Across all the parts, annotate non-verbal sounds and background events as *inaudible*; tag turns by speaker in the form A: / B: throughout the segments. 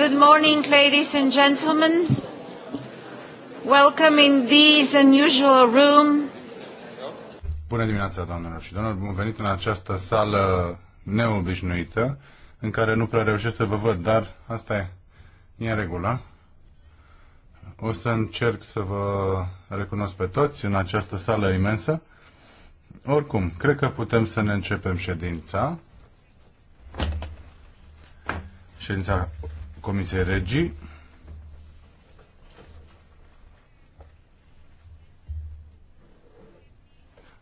A: Good morning, ladies and gentlemen. Welcome in this unusual room.
B: Bună dimineața, doamnelor și domnilor. Bun venit în această sală neobișnuită, în care nu prea reușesc să vă văd, dar asta e, e în regulă. O să încerc să vă recunosc pe toți în această sală imensă. Oricum, cred că putem să ne începem ședința. Ședința Comisiei Regii.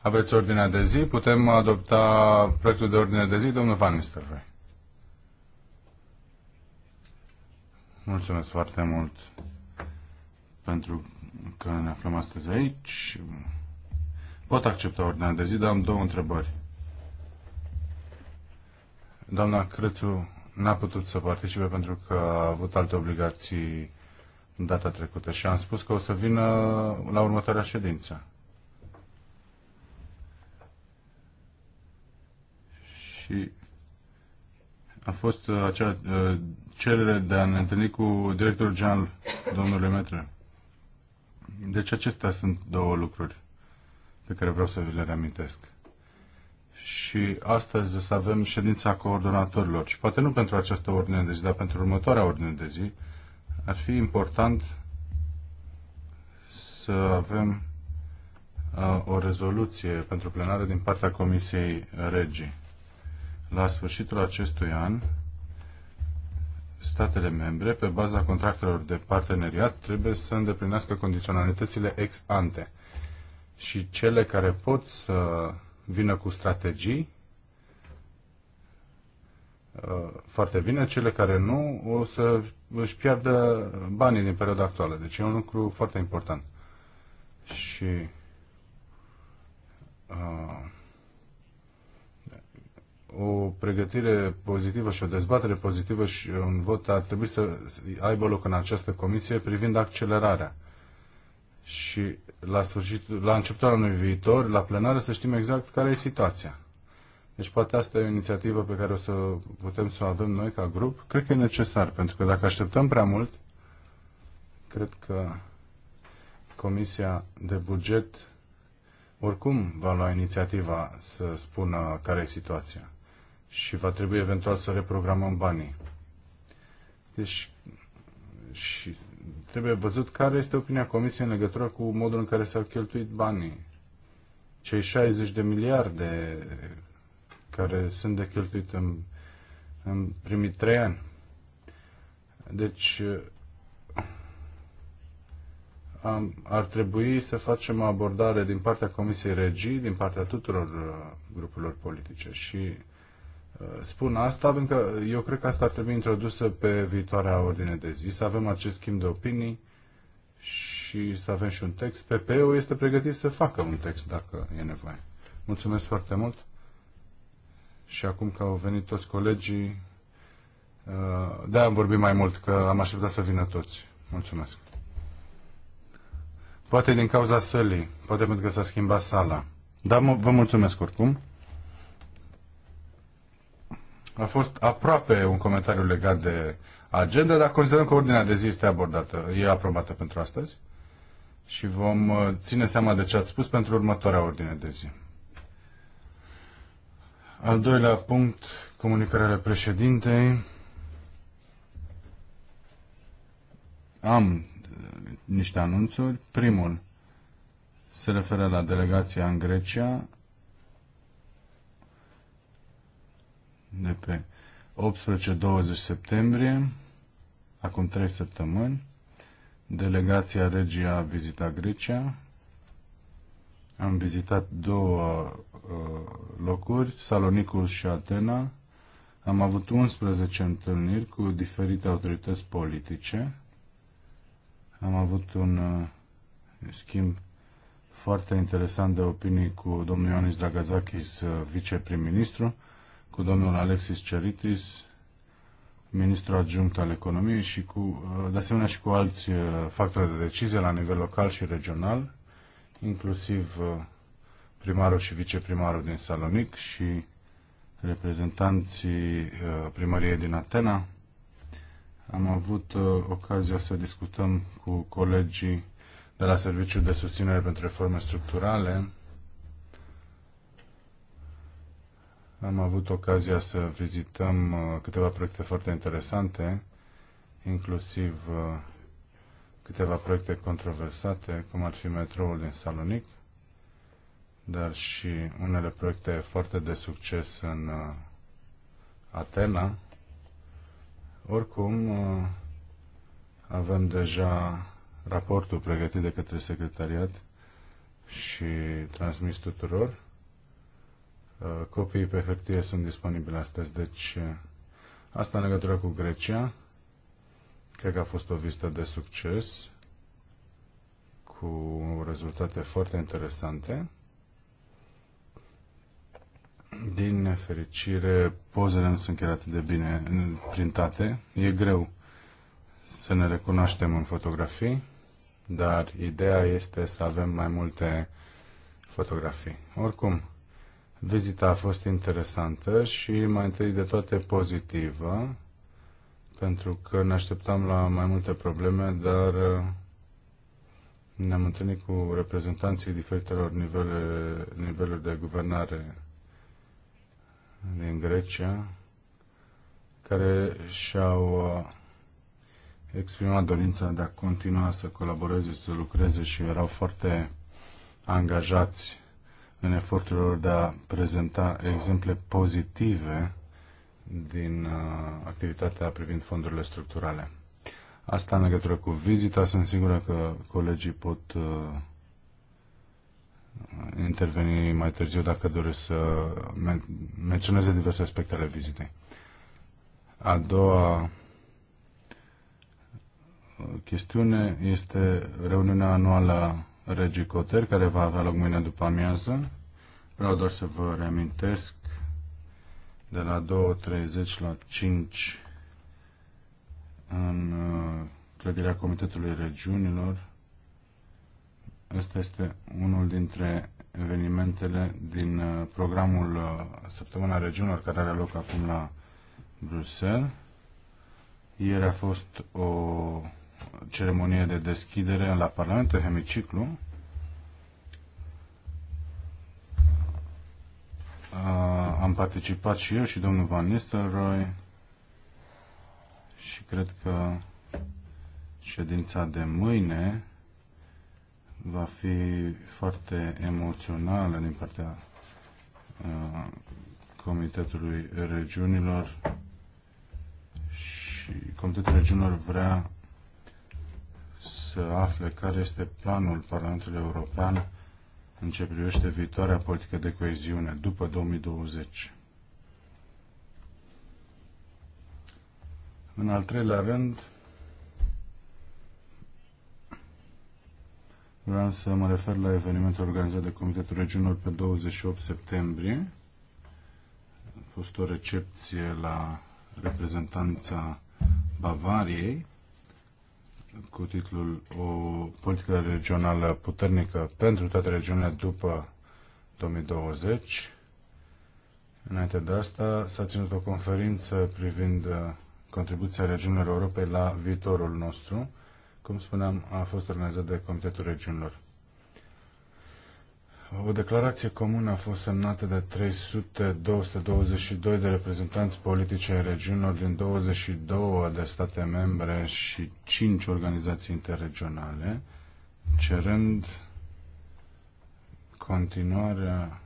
B: Aveți ordinea de zi. Putem adopta proiectul de ordine de zi, domnul Van Nistelrooy. Mulțumesc foarte mult pentru că ne aflăm astăzi aici. Pot accepta ordinea de zi, dar am două întrebări. Doamna Crețu n-a putut să participe pentru că a avut alte obligații data trecută și am spus că o să vină la următoarea ședință. Și a fost uh, acea uh, cerere de a ne întâlni cu directorul general, domnul Lemetre. Deci acestea sunt două lucruri pe care vreau să vi le reamintesc. Și astăzi o să avem ședința coordonatorilor și poate nu pentru această ordine de zi, dar pentru următoarea ordine de zi, ar fi important să avem o rezoluție pentru plenară din partea Comisiei Regii. La sfârșitul acestui an, statele membre, pe baza contractelor de parteneriat, trebuie să îndeplinească condiționalitățile ex ante și cele care pot să vină cu strategii uh, foarte bine, cele care nu o să își piardă banii din perioada actuală. Deci e un lucru foarte important. Și uh, o pregătire pozitivă și o dezbatere pozitivă și un vot ar trebui să aibă loc în această comisie privind accelerarea. Uh, și la, sfârșit, la începutul anului viitor, la plenară, să știm exact care e situația. Deci poate asta e o inițiativă pe care o să putem să o avem noi ca grup. Cred că e necesar, pentru că dacă așteptăm prea mult, cred că Comisia de Buget oricum va lua inițiativa să spună care e situația și va trebui eventual să reprogramăm banii. Deci și trebuie văzut care este opinia Comisiei în legătură cu modul în care s-au cheltuit banii. Cei 60 de miliarde care sunt de cheltuit în, în primii trei ani. Deci, am, ar trebui să facem o abordare din partea Comisiei Regii, din partea tuturor uh, grupurilor politice și Spun asta pentru că eu cred că asta ar trebui introdusă pe viitoarea ordine de zi, să avem acest schimb de opinii și să avem și un text. PPE-ul este pregătit să facă un text dacă e nevoie. Mulțumesc foarte mult și acum că au venit toți colegii, uh, de am vorbit mai mult, că am așteptat să vină toți. Mulțumesc. Poate din cauza sălii, poate pentru că s-a schimbat sala. Dar vă mulțumesc oricum. A fost aproape un comentariu legat de agenda, dar considerăm că ordinea de zi este abordată, e aprobată pentru astăzi și vom uh, ține seama de ce ați spus pentru următoarea ordine de zi. Al doilea punct, comunicarea președintei. Am uh, niște anunțuri. Primul se referă la delegația în Grecia de pe 18-20 septembrie, acum 3 săptămâni, delegația Regia a vizitat Grecia. Am vizitat două uh, locuri, Salonicul și Atena. Am avut 11 întâlniri cu diferite autorități politice. Am avut un uh, schimb foarte interesant de opinii cu domnul Ioanis Dragazakis, uh, viceprim-ministru cu domnul Alexis Ceritis, ministru adjunct al economiei și cu, de asemenea și cu alți uh, factori de decizie la nivel local și regional, inclusiv uh, primarul și viceprimarul din Salonic și reprezentanții uh, primăriei din Atena. Am avut ocazia să discutăm cu colegii de la Serviciul de Susținere pentru Reforme Structurale, Am avut ocazia să vizităm uh, câteva proiecte foarte interesante, inclusiv uh, câteva proiecte controversate, cum ar fi metroul din Salonic, dar și unele proiecte foarte de succes în uh, Atena. Oricum, avem deja raportul pregătit de către secretariat și transmis tuturor. Uh, copiii pe hârtie sunt disponibile astăzi. Deci, uh, asta în legătură cu Grecia. Cred că a fost o vizită de succes cu rezultate foarte interesante. Din nefericire, pozele nu sunt chiar atât de bine printate. E greu să ne recunoaștem în fotografii, dar ideea este să avem mai multe fotografii. Oricum, Vizita a fost interesantă și mai întâi de toate pozitivă, pentru că ne așteptam la mai multe probleme, dar uh, ne-am întâlnit cu reprezentanții diferitelor nivele, niveluri de guvernare din Grecia, care și-au uh, exprimat dorința de a continua să colaboreze, să lucreze și erau foarte angajați în efortul lor de a prezenta exemple pozitive din uh, activitatea privind fondurile structurale. Asta în legătură cu vizita, sunt sigură că colegii pot uh, interveni mai târziu dacă doresc să men menționeze diverse aspecte ale vizitei. A doua uh, chestiune este reuniunea anuală Regi Coter, care va avea loc mâine după amiază. Vreau doar să vă reamintesc de la 2.30 la 5 în uh, clădirea Comitetului Regiunilor. Ăsta este unul dintre evenimentele din uh, programul uh, Săptămâna Regiunilor care are loc acum la Bruxelles. Ieri a fost o ceremonie de deschidere la Parlament, Hemiciclu. Uh, Am participat și eu și domnul Van Nistelrooy și cred că ședința de mâine va fi foarte emoțională din partea uh, Comitetului Regiunilor și Comitetul Regiunilor vrea să afle care este planul Parlamentului European în ce privește viitoarea politică de coeziune după 2020. În al treilea rând, vreau să mă refer la evenimentul organizat de Comitetul Regiunilor pe 28 septembrie. A fost o recepție la reprezentanța Bavariei cu titlul O politică regională puternică pentru toate regiunile după 2020. Înainte de asta s-a ținut o conferință privind uh, contribuția regiunilor Europei la viitorul nostru. Cum spuneam, a fost organizat de Comitetul Regiunilor. O declarație comună a fost semnată de 322 de reprezentanți politice ai regiunilor din 22 de state membre și 5 organizații interregionale, cerând continuarea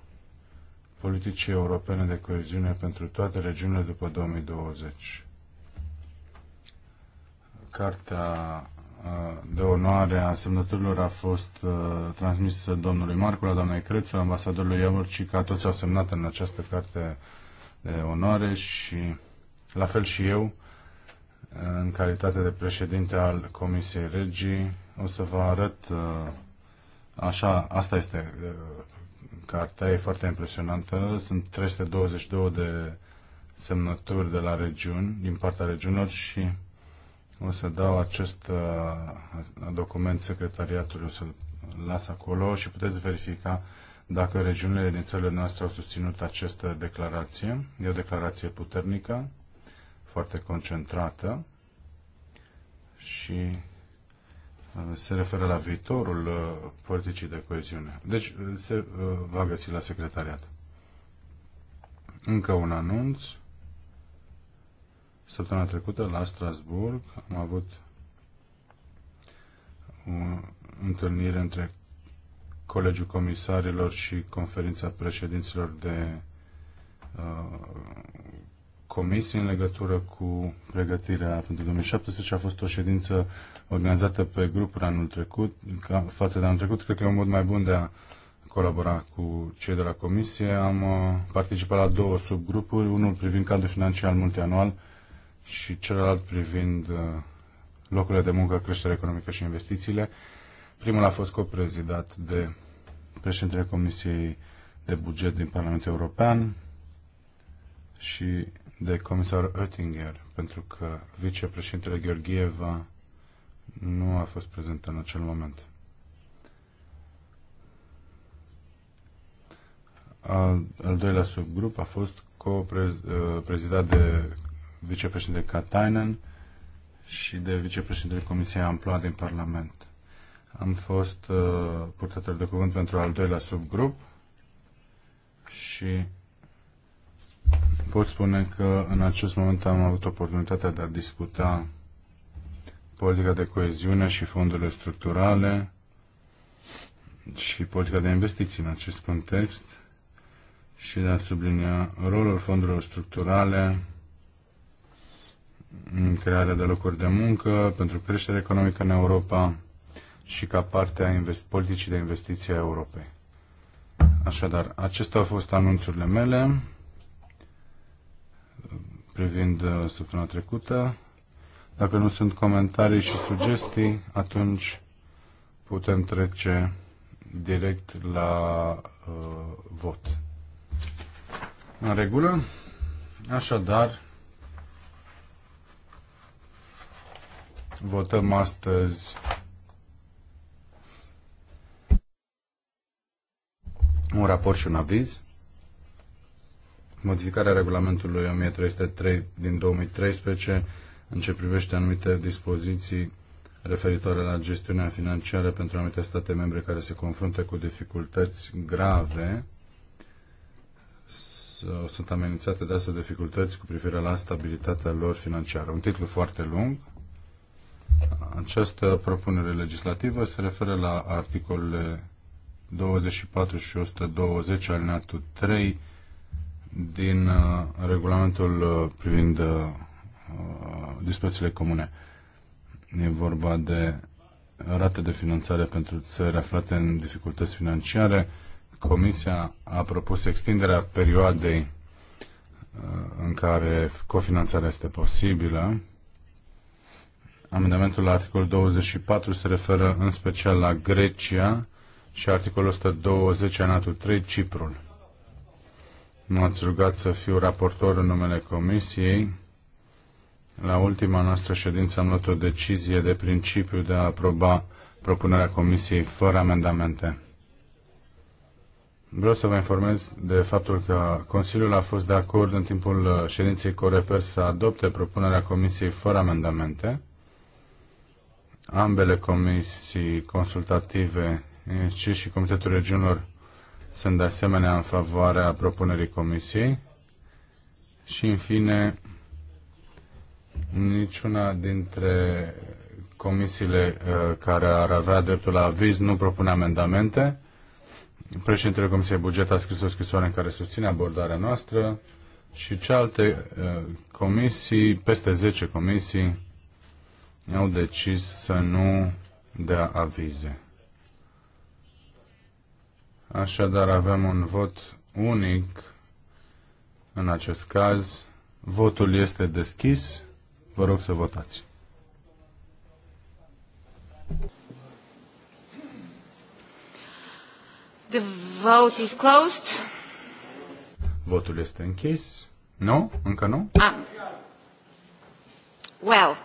B: politicii europene de coeziune pentru toate regiunile după 2020. Cartea de onoare a semnăturilor a fost uh, transmisă domnului Marcu, la doamnei Crețu, ambasadorului ca Toți au semnat în această carte de onoare și la fel și eu, în calitate de președinte al Comisiei Regii, o să vă arăt uh, așa, asta este uh, cartea, e foarte impresionantă. Sunt 322 de semnături de la regiuni, din partea regiunilor și o să dau acest uh, document secretariatului, o să-l las acolo și puteți verifica dacă regiunile din țările noastre au susținut această declarație. E o declarație puternică, foarte concentrată și uh, se referă la viitorul uh, politicii de coeziune. Deci se va găsi la secretariat. Încă un anunț. Săptămâna trecută, la Strasburg, am avut o întâlnire între Colegiul Comisarilor și Conferința Președinților de uh, Comisii în legătură cu pregătirea pentru 2017. A fost o ședință organizată pe grupuri anul trecut, ca, față de anul trecut. Cred că e un mod mai bun de a colabora cu cei de la Comisie. Am uh, participat la două subgrupuri, unul privind cadrul financiar multianual și celălalt privind uh, locurile de muncă, creșterea economică și investițiile. Primul a fost coprezidat de președintele Comisiei de Buget din Parlamentul European și de comisar Oettinger, pentru că vicepreședintele Gheorgheva nu a fost prezent în acel moment. Al, al doilea subgrup a fost uh, prezidat de vicepreședinte Katainen și de vicepreședintele Comisiei Amploa din Parlament. Am fost uh, purtător de cuvânt pentru al doilea subgrup și pot spune că în acest moment am avut oportunitatea de a discuta politica de coeziune și fondurile structurale și politica de investiții în acest context și de a sublinia rolul fondurilor structurale în crearea de locuri de muncă, pentru creștere economică în Europa și ca parte a invest- politicii de investiție a Europei. Așadar, acestea au fost anunțurile mele uh, privind uh, săptămâna trecută. Dacă nu sunt comentarii și sugestii, atunci putem trece direct la uh, vot. În regulă? Așadar, Votăm astăzi un raport și un aviz. Modificarea regulamentului 1303 din 2013 în ce privește anumite dispoziții referitoare la gestiunea financiară pentru anumite state membre care se confruntă cu dificultăți grave sunt amenințate de astfel dificultăți cu privire la stabilitatea lor financiară. Un titlu foarte lung această propunere legislativă se referă la articolele 24 și 120 alineatul 3 din uh, regulamentul uh, privind uh, dispozițiile comune. E vorba de rate de finanțare pentru țări aflate în dificultăți financiare. Comisia a propus extinderea perioadei în care cofinanțarea este posibilă Amendamentul la articolul 24 se referă în special la Grecia și articolul 120 anatul 3 Ciprul. M-ați rugat să fiu raportor în numele Comisiei. La ultima noastră ședință am luat o decizie de principiu de a aproba propunerea Comisiei fără amendamente. Vreau să vă informez de faptul că Consiliul a fost de acord în timpul ședinței Coreper să adopte propunerea Comisiei fără amendamente Ambele comisii consultative, ci și Comitetul Regiunilor, sunt de asemenea în favoarea propunerii comisiei. Și, în fine, niciuna dintre comisiile uh, care ar avea dreptul la aviz nu propune amendamente. Președintele Comisiei Buget a scris o scrisoare în care susține abordarea noastră și cealaltă uh, comisii, peste 10 comisii, au decis să nu dea avize. Așadar avem un vot unic în acest caz. Votul este deschis. Vă rog să votați.
A: The vote is closed.
B: Votul este închis. Nu? Încă nu?
A: Ah. Well,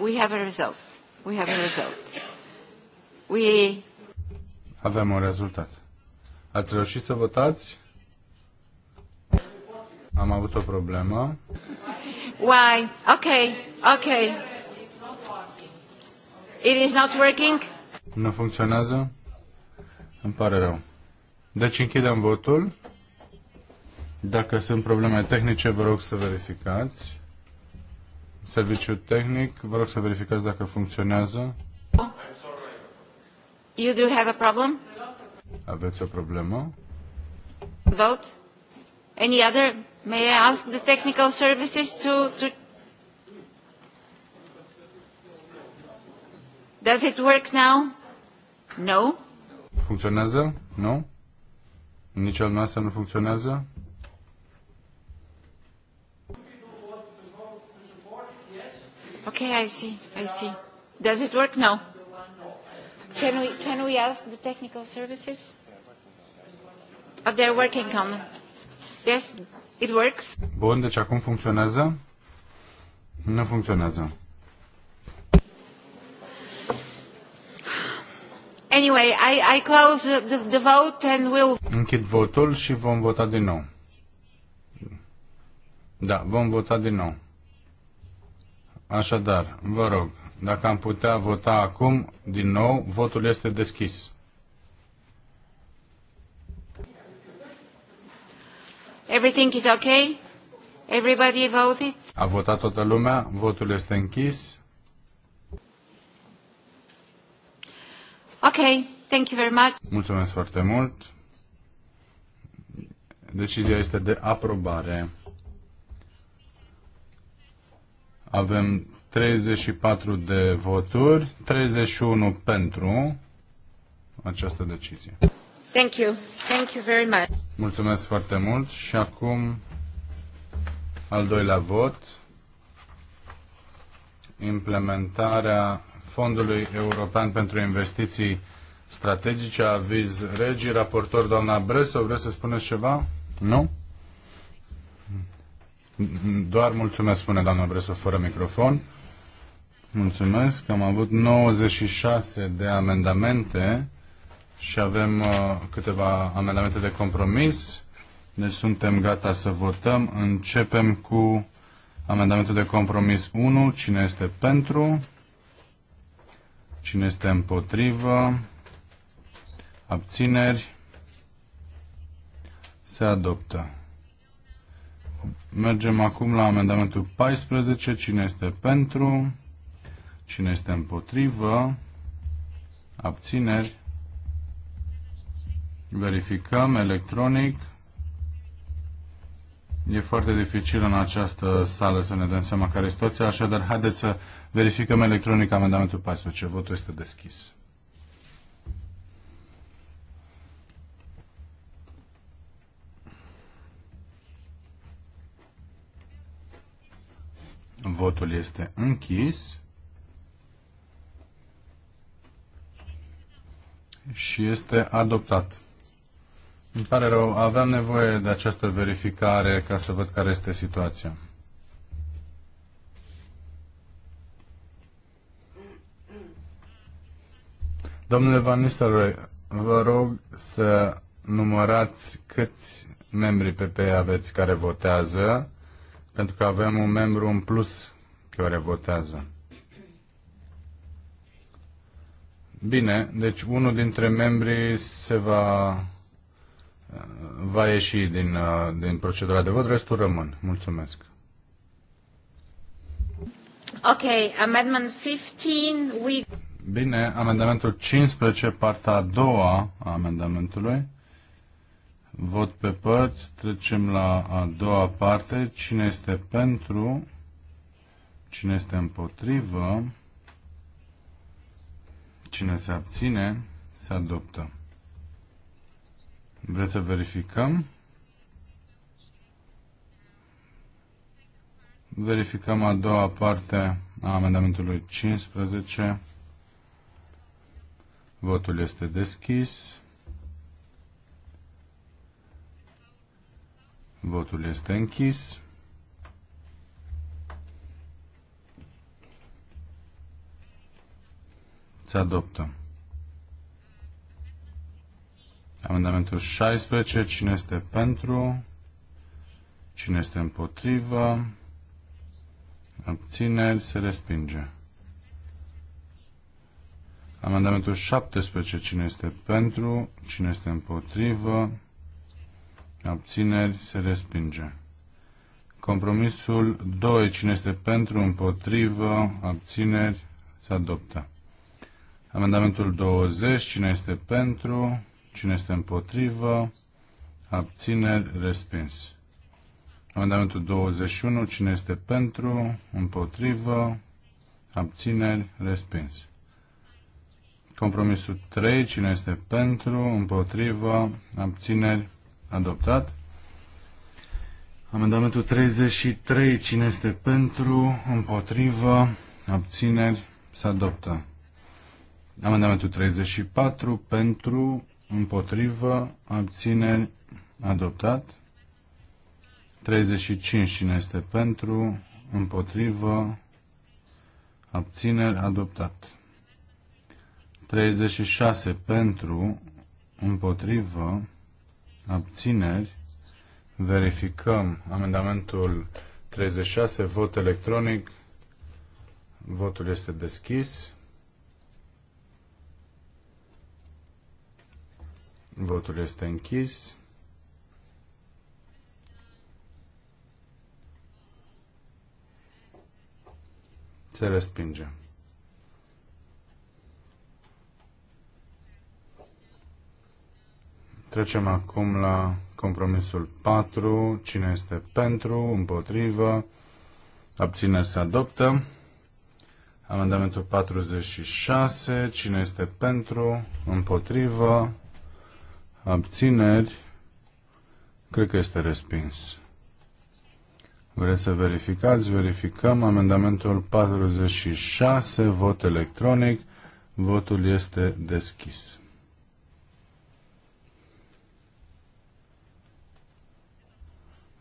A: we have a result. We have a result. We...
B: Avem un rezultat. Ați reușit să votați? Am avut o problemă.
A: Why? Okay, okay. It is not working?
B: Nu funcționează? Îmi pare rău. Deci închidem votul. Dacă sunt probleme tehnice, vă rog să verificați serviciu tehnic. Vă rog să verificați dacă funcționează.
A: You do have a problem?
B: Aveți o problemă?
A: Vote? Any other? May I ask the technical services to, to... Does it work now? No.
B: Funcționează? Nu? Nici al noastră nu funcționează?
A: Okay, I see. I see. Does it work now? Can we can we ask the technical services? Oh, they're working on. Yes, it works.
B: Bun, deci acum funcționează? Nu funcționează.
A: Anyway, I, I close the, the vote and we'll...
B: Închid votul și vom vota din nou. Da, vom vota din nou. Așadar, vă rog, dacă am putea vota acum, din nou, votul este deschis.
A: Everything is okay? Everybody voted?
B: A votat toată lumea, votul este închis.
A: Ok, thank you very much.
B: Mulțumesc foarte mult. Decizia este de aprobare. Avem 34 de voturi, 31 pentru această decizie.
A: Thank you. Thank you very much.
B: Mulțumesc foarte mult și acum al doilea vot implementarea Fondului European pentru Investiții Strategice, aviz regii, raportor doamna Bresu, vreți să spuneți ceva? Nu? Doar mulțumesc, spune doamna Bresu, fără microfon. Mulțumesc. că Am avut 96 de amendamente și avem uh, câteva amendamente de compromis. Deci suntem gata să votăm. Începem cu amendamentul de compromis 1. Cine este pentru? Cine este împotrivă? Abțineri? Se adoptă. Mergem acum la amendamentul 14. Cine este pentru? Cine este împotrivă? Abțineri? Verificăm electronic. E foarte dificil în această sală să ne dăm seama care e situația, așadar haideți să verificăm electronic amendamentul 14. Votul este deschis. Votul este închis. Și este adoptat. Îmi pare rău, aveam nevoie de această verificare ca să văd care este situația. Domnule Van Nistelrooy, vă rog să numărați câți membri PP aveți care votează pentru că avem un membru în plus care votează. Bine, deci unul dintre membrii se va, va ieși din, uh, din procedura de vot, restul rămân. Mulțumesc.
A: Ok, amendment 15, we...
B: Bine, amendamentul 15, partea a doua a amendamentului. Vot pe părți. Trecem la a doua parte. Cine este pentru? Cine este împotrivă? Cine se abține? Se adoptă. Vreți să verificăm? Verificăm a doua parte a amendamentului 15. Votul este deschis. Votul este închis. Se adoptă. Amendamentul 16. Cine este pentru? Cine este împotrivă? Abțineri se respinge. Amendamentul 17. Cine este pentru? Cine este împotrivă? abțineri, se respinge. Compromisul 2. Cine este pentru, împotrivă, abțineri, se adoptă. Amendamentul 20. Cine este pentru, cine este împotrivă, abțineri, respins. Amendamentul 21. Cine este pentru, împotrivă, abțineri, respins. Compromisul 3. Cine este pentru, împotrivă, abțineri, adoptat. Amendamentul 33, cine este pentru, împotrivă, abțineri, se adoptă. Amendamentul 34, pentru, împotrivă, abțineri, adoptat. 35, cine este pentru, împotrivă, abțineri, adoptat. 36, pentru, împotrivă, abțineri, verificăm amendamentul 36, vot electronic, votul este deschis, votul este închis, se respinge. Trecem acum la compromisul 4. Cine este pentru, împotrivă, abțineri se adoptă. Amendamentul 46. Cine este pentru, împotrivă, abțineri, cred că este respins. Vreți să verificați? Verificăm amendamentul 46, vot electronic. Votul este deschis.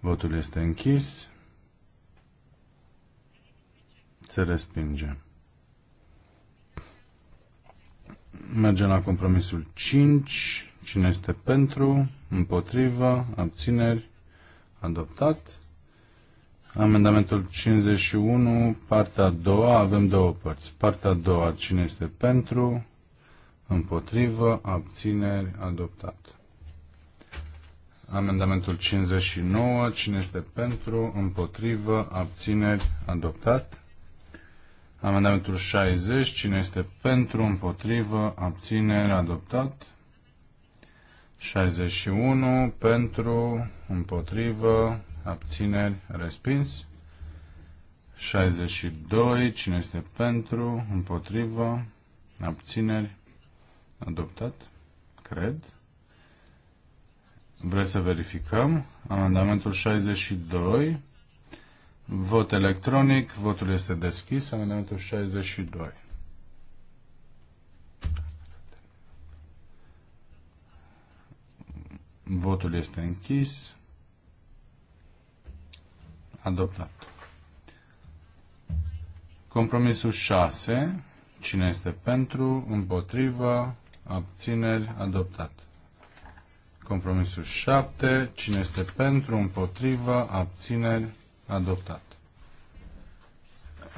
B: Votul este închis. Se respinge. Mergem la compromisul 5. Cine este pentru? Împotrivă? Abțineri? Adoptat. Amendamentul 51, partea a doua, avem două părți. Partea a doua, cine este pentru, împotrivă, abțineri, adoptat. Amendamentul 59. Cine este pentru? Împotrivă? Abțineri? Adoptat. Amendamentul 60. Cine este pentru? Împotrivă? Abțineri? Adoptat. 61. Pentru? Împotrivă? Abțineri? Respins. 62. Cine este pentru? Împotrivă? Abțineri? Adoptat. Cred. Vreți să verificăm? Amendamentul 62. Vot electronic. Votul este deschis. Amendamentul 62. Votul este închis. Adoptat. Compromisul 6. Cine este pentru? Împotrivă? Abțineri? Adoptat. Compromisul 7. Cine este pentru, împotrivă, abțineri, adoptat.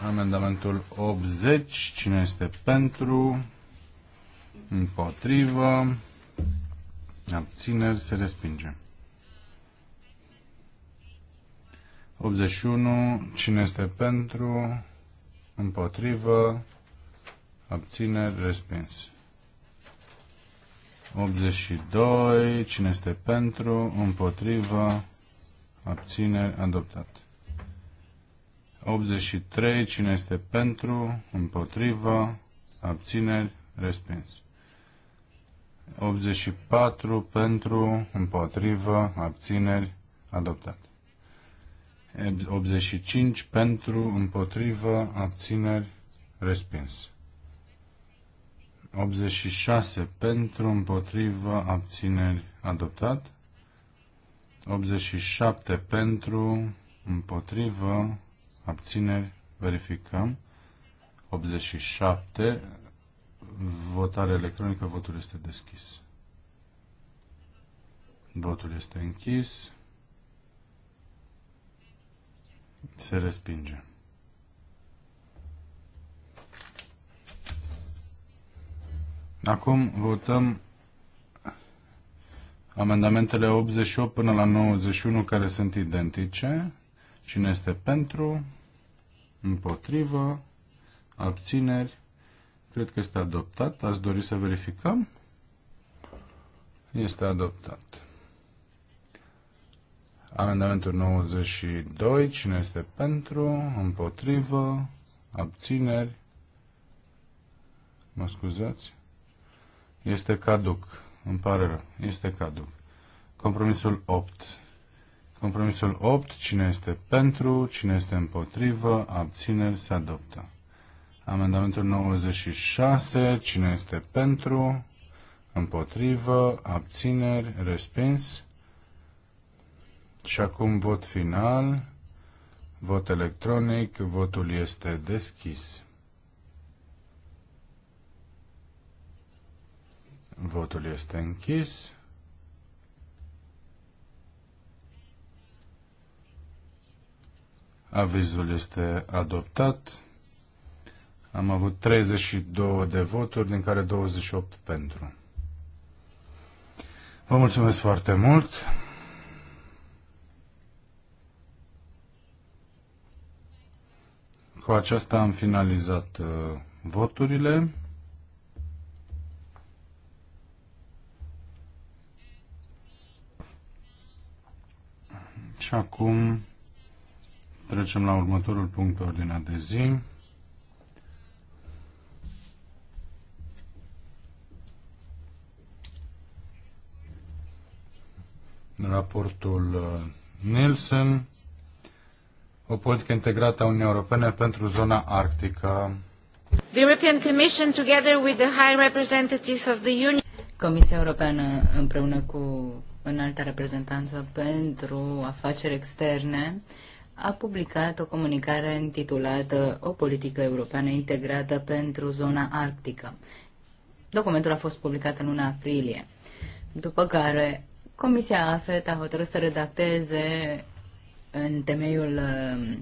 B: Amendamentul 80. Cine este pentru, împotrivă, abțineri, se respinge. 81. Cine este pentru, împotrivă, abțineri, respins. 82. Cine este pentru? Împotrivă. Abțineri. Adoptat. 83. Cine este pentru? Împotrivă. Abțineri. Respins. 84. Pentru. Împotrivă. Abțineri. Adoptat. 85. Pentru. Împotrivă. Abțineri. Respins. 86 pentru, împotrivă, abțineri, adoptat. 87 pentru, împotrivă, abțineri, verificăm. 87, votare electronică, votul este deschis. Votul este închis. Se respinge. Acum votăm amendamentele 88 până la 91 care sunt identice. Cine este pentru? Împotrivă? Abțineri? Cred că este adoptat. Ați dori să verificăm? Este adoptat. Amendamentul 92. Cine este pentru? Împotrivă? Abțineri? Mă scuzați? Este caduc. Îmi pare rău. Este caduc. Compromisul 8. Compromisul 8. Cine este pentru, cine este împotrivă, abțineri, se adoptă. Amendamentul 96. Cine este pentru, împotrivă, abțineri, respins. Și acum vot final, vot electronic, votul este deschis. Votul este închis. Avizul este adoptat. Am avut 32 de voturi, din care 28 pentru. Vă mulțumesc foarte mult. Cu aceasta am finalizat uh, voturile. Și acum trecem la următorul punct de ordinea de zi. Raportul uh, Nielsen, o politică integrată a Uniunii Europene pentru zona arctică.
A: The European Commission together with the High Representative of the Union
C: Comisia Europeană împreună cu înaltă reprezentanță pentru afaceri externe, a publicat o comunicare intitulată O politică europeană integrată pentru zona arctică. Documentul a fost publicat în luna aprilie, după care Comisia AFET a hotărât să redacteze în temeiul uh,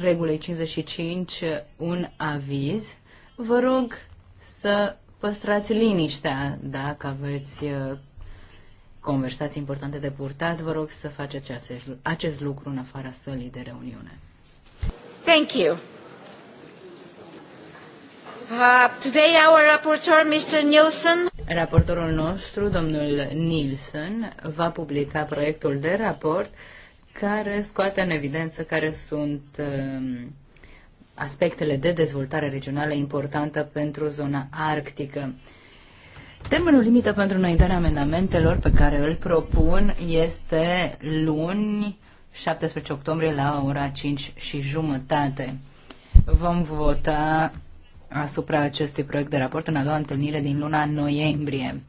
C: regulii 55 un aviz. Vă rog să păstrați liniștea dacă aveți uh, conversații importante de purtat, vă rog să faceți acest, acest lucru în afara sălii de reuniune.
A: Thank you. Uh, today our rapporteur, Mr. Nielsen.
C: Raportorul nostru, domnul Nielsen, va publica proiectul de raport care scoate în evidență care sunt uh, aspectele de dezvoltare regională importantă pentru zona arctică. Termenul limită pentru înaintarea amendamentelor pe care îl propun este luni 17 octombrie la ora 5 și jumătate. Vom vota asupra acestui proiect de raport în a doua întâlnire din luna noiembrie.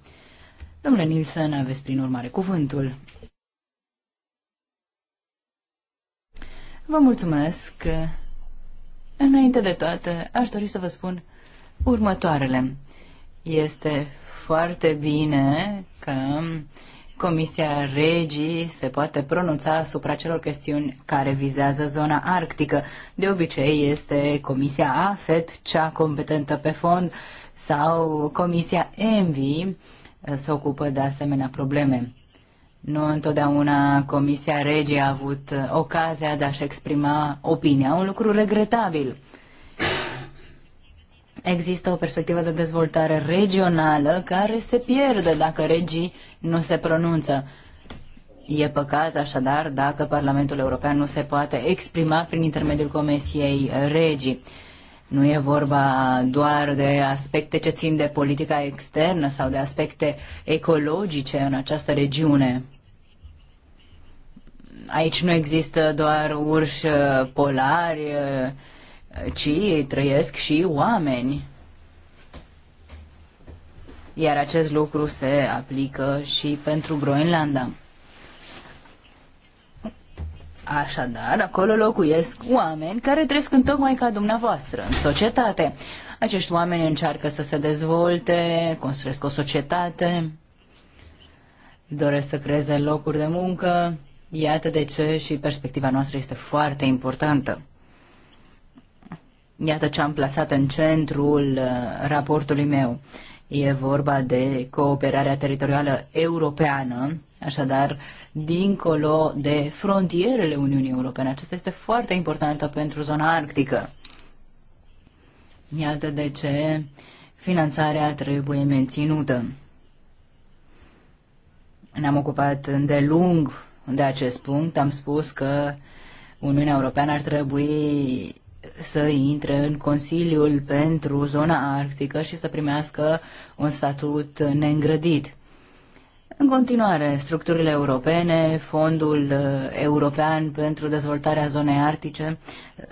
C: Domnule Nilsen, aveți prin urmare cuvântul. Vă mulțumesc. Înainte de toate, aș dori să vă spun următoarele. Este foarte bine că Comisia Regii se poate pronunța asupra celor chestiuni care vizează zona arctică. De obicei este Comisia AFET cea competentă pe fond sau Comisia ENVI se ocupă de asemenea probleme. Nu întotdeauna Comisia Regii a avut ocazia de a-și exprima opinia, un lucru regretabil există o perspectivă de dezvoltare regională care se pierde dacă regii nu se pronunță. E păcat, așadar, dacă Parlamentul European nu se poate exprima prin intermediul Comisiei Regii. Nu e vorba doar de aspecte ce țin de politica externă sau de aspecte ecologice în această regiune. Aici nu există doar urși uh, polari, uh, ci trăiesc și oameni. Iar acest lucru se aplică și pentru Groenlanda. Așadar, acolo locuiesc oameni care trăiesc în tocmai ca dumneavoastră, în societate. Acești oameni încearcă să se dezvolte, construiesc o societate, doresc să creeze locuri de muncă. Iată de ce și perspectiva noastră este foarte importantă. Iată ce am plasat în centrul uh, raportului meu. E vorba de cooperarea teritorială europeană, așadar, dincolo de frontierele Uniunii Europene. Acesta este foarte importantă pentru zona arctică. Iată de ce finanțarea trebuie menținută. Ne-am ocupat îndelung de acest punct. Am spus că Uniunea Europeană ar trebui să intre în Consiliul pentru zona arctică și să primească un statut neîngrădit. În continuare, structurile europene, Fondul uh, European pentru Dezvoltarea Zonei Arctice uh,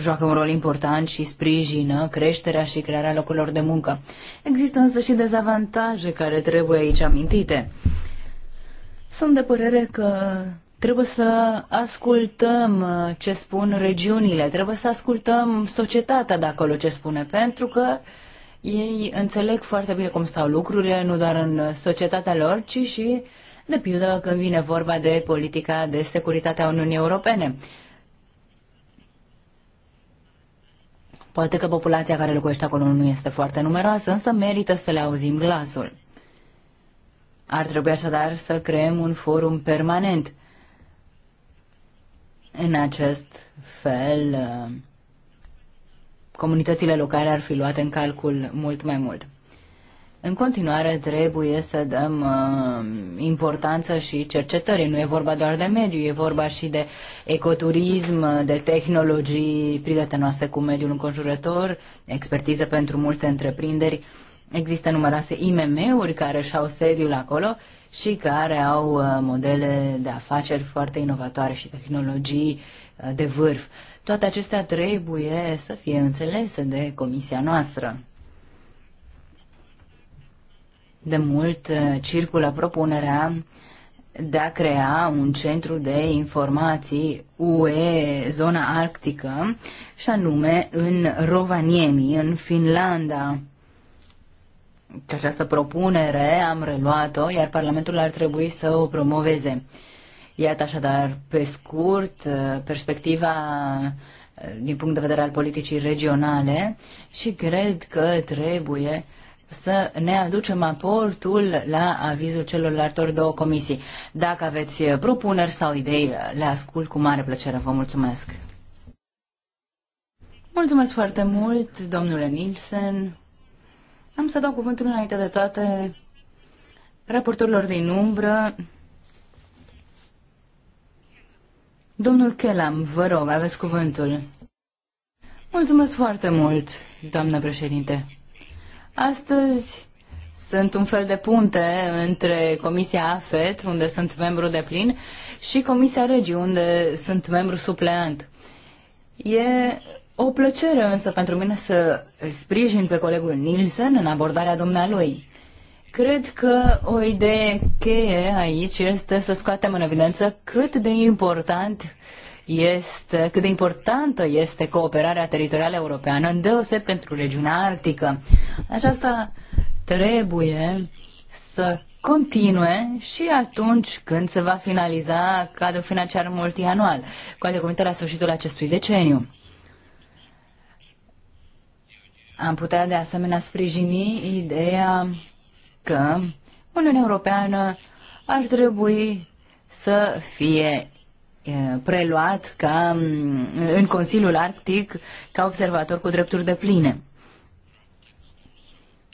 C: joacă un rol important și sprijină creșterea și crearea locurilor de muncă. Există însă și dezavantaje care trebuie aici amintite. Sunt de părere că Trebuie să ascultăm uh, ce spun regiunile, trebuie să ascultăm societatea de acolo ce spune, pentru că ei înțeleg foarte bine cum stau lucrurile, nu doar în societatea lor, ci și, de pildă, când vine vorba de politica de securitate a Uniunii Europene. Poate că populația care locuiește acolo nu este foarte numeroasă, însă merită să le auzim glasul. Ar trebui așadar să creăm un forum permanent – în acest fel, uh, comunitățile locale ar fi luate în calcul mult mai mult. În continuare, trebuie să dăm uh, importanță și cercetării. Nu e vorba doar de mediu, e vorba și de ecoturism, de tehnologii prietenoase cu mediul înconjurător, expertiză pentru multe întreprinderi. Uh, Există numeroase IMM-uri care și-au sediul acolo și care au uh, modele de afaceri foarte inovatoare și tehnologii uh, de vârf. Toate acestea trebuie să fie înțelese de comisia noastră. De mult uh, circulă propunerea de a crea un centru de informații UE, zona arctică, și anume în Rovaniemi, în Finlanda că această propunere am reluat-o, iar Parlamentul ar trebui să o promoveze. Iată așadar, pe scurt, perspectiva din punct de vedere al politicii regionale și cred că trebuie să ne aducem aportul la avizul celorlaltor două comisii. Dacă aveți propuneri sau idei, le ascult cu mare plăcere. Vă mulțumesc! Mulțumesc foarte mult, domnule Nielsen. Am să dau cuvântul înainte de toate raportorilor din umbră. Domnul Kelam, vă rog, aveți cuvântul. Mulțumesc foarte mult, doamnă președinte. Astăzi sunt un fel de punte între Comisia AFET, unde sunt membru de plin, și Comisia Regii, unde sunt membru supleant. E o plăcere însă pentru mine să îl sprijin pe colegul Nielsen în abordarea dumnealui. Cred că o idee cheie aici este să scoatem în evidență cât de important este, cât de importantă este cooperarea teritorială europeană, îndeoseb pentru regiunea arctică. Aceasta trebuie să continue și atunci când se va finaliza cadrul financiar multianual, cu alte cuvinte la sfârșitul acestui deceniu. Am putea de asemenea sprijini ideea că Uniunea Europeană ar trebui să fie preluat ca în Consiliul Arctic ca observator cu drepturi de pline.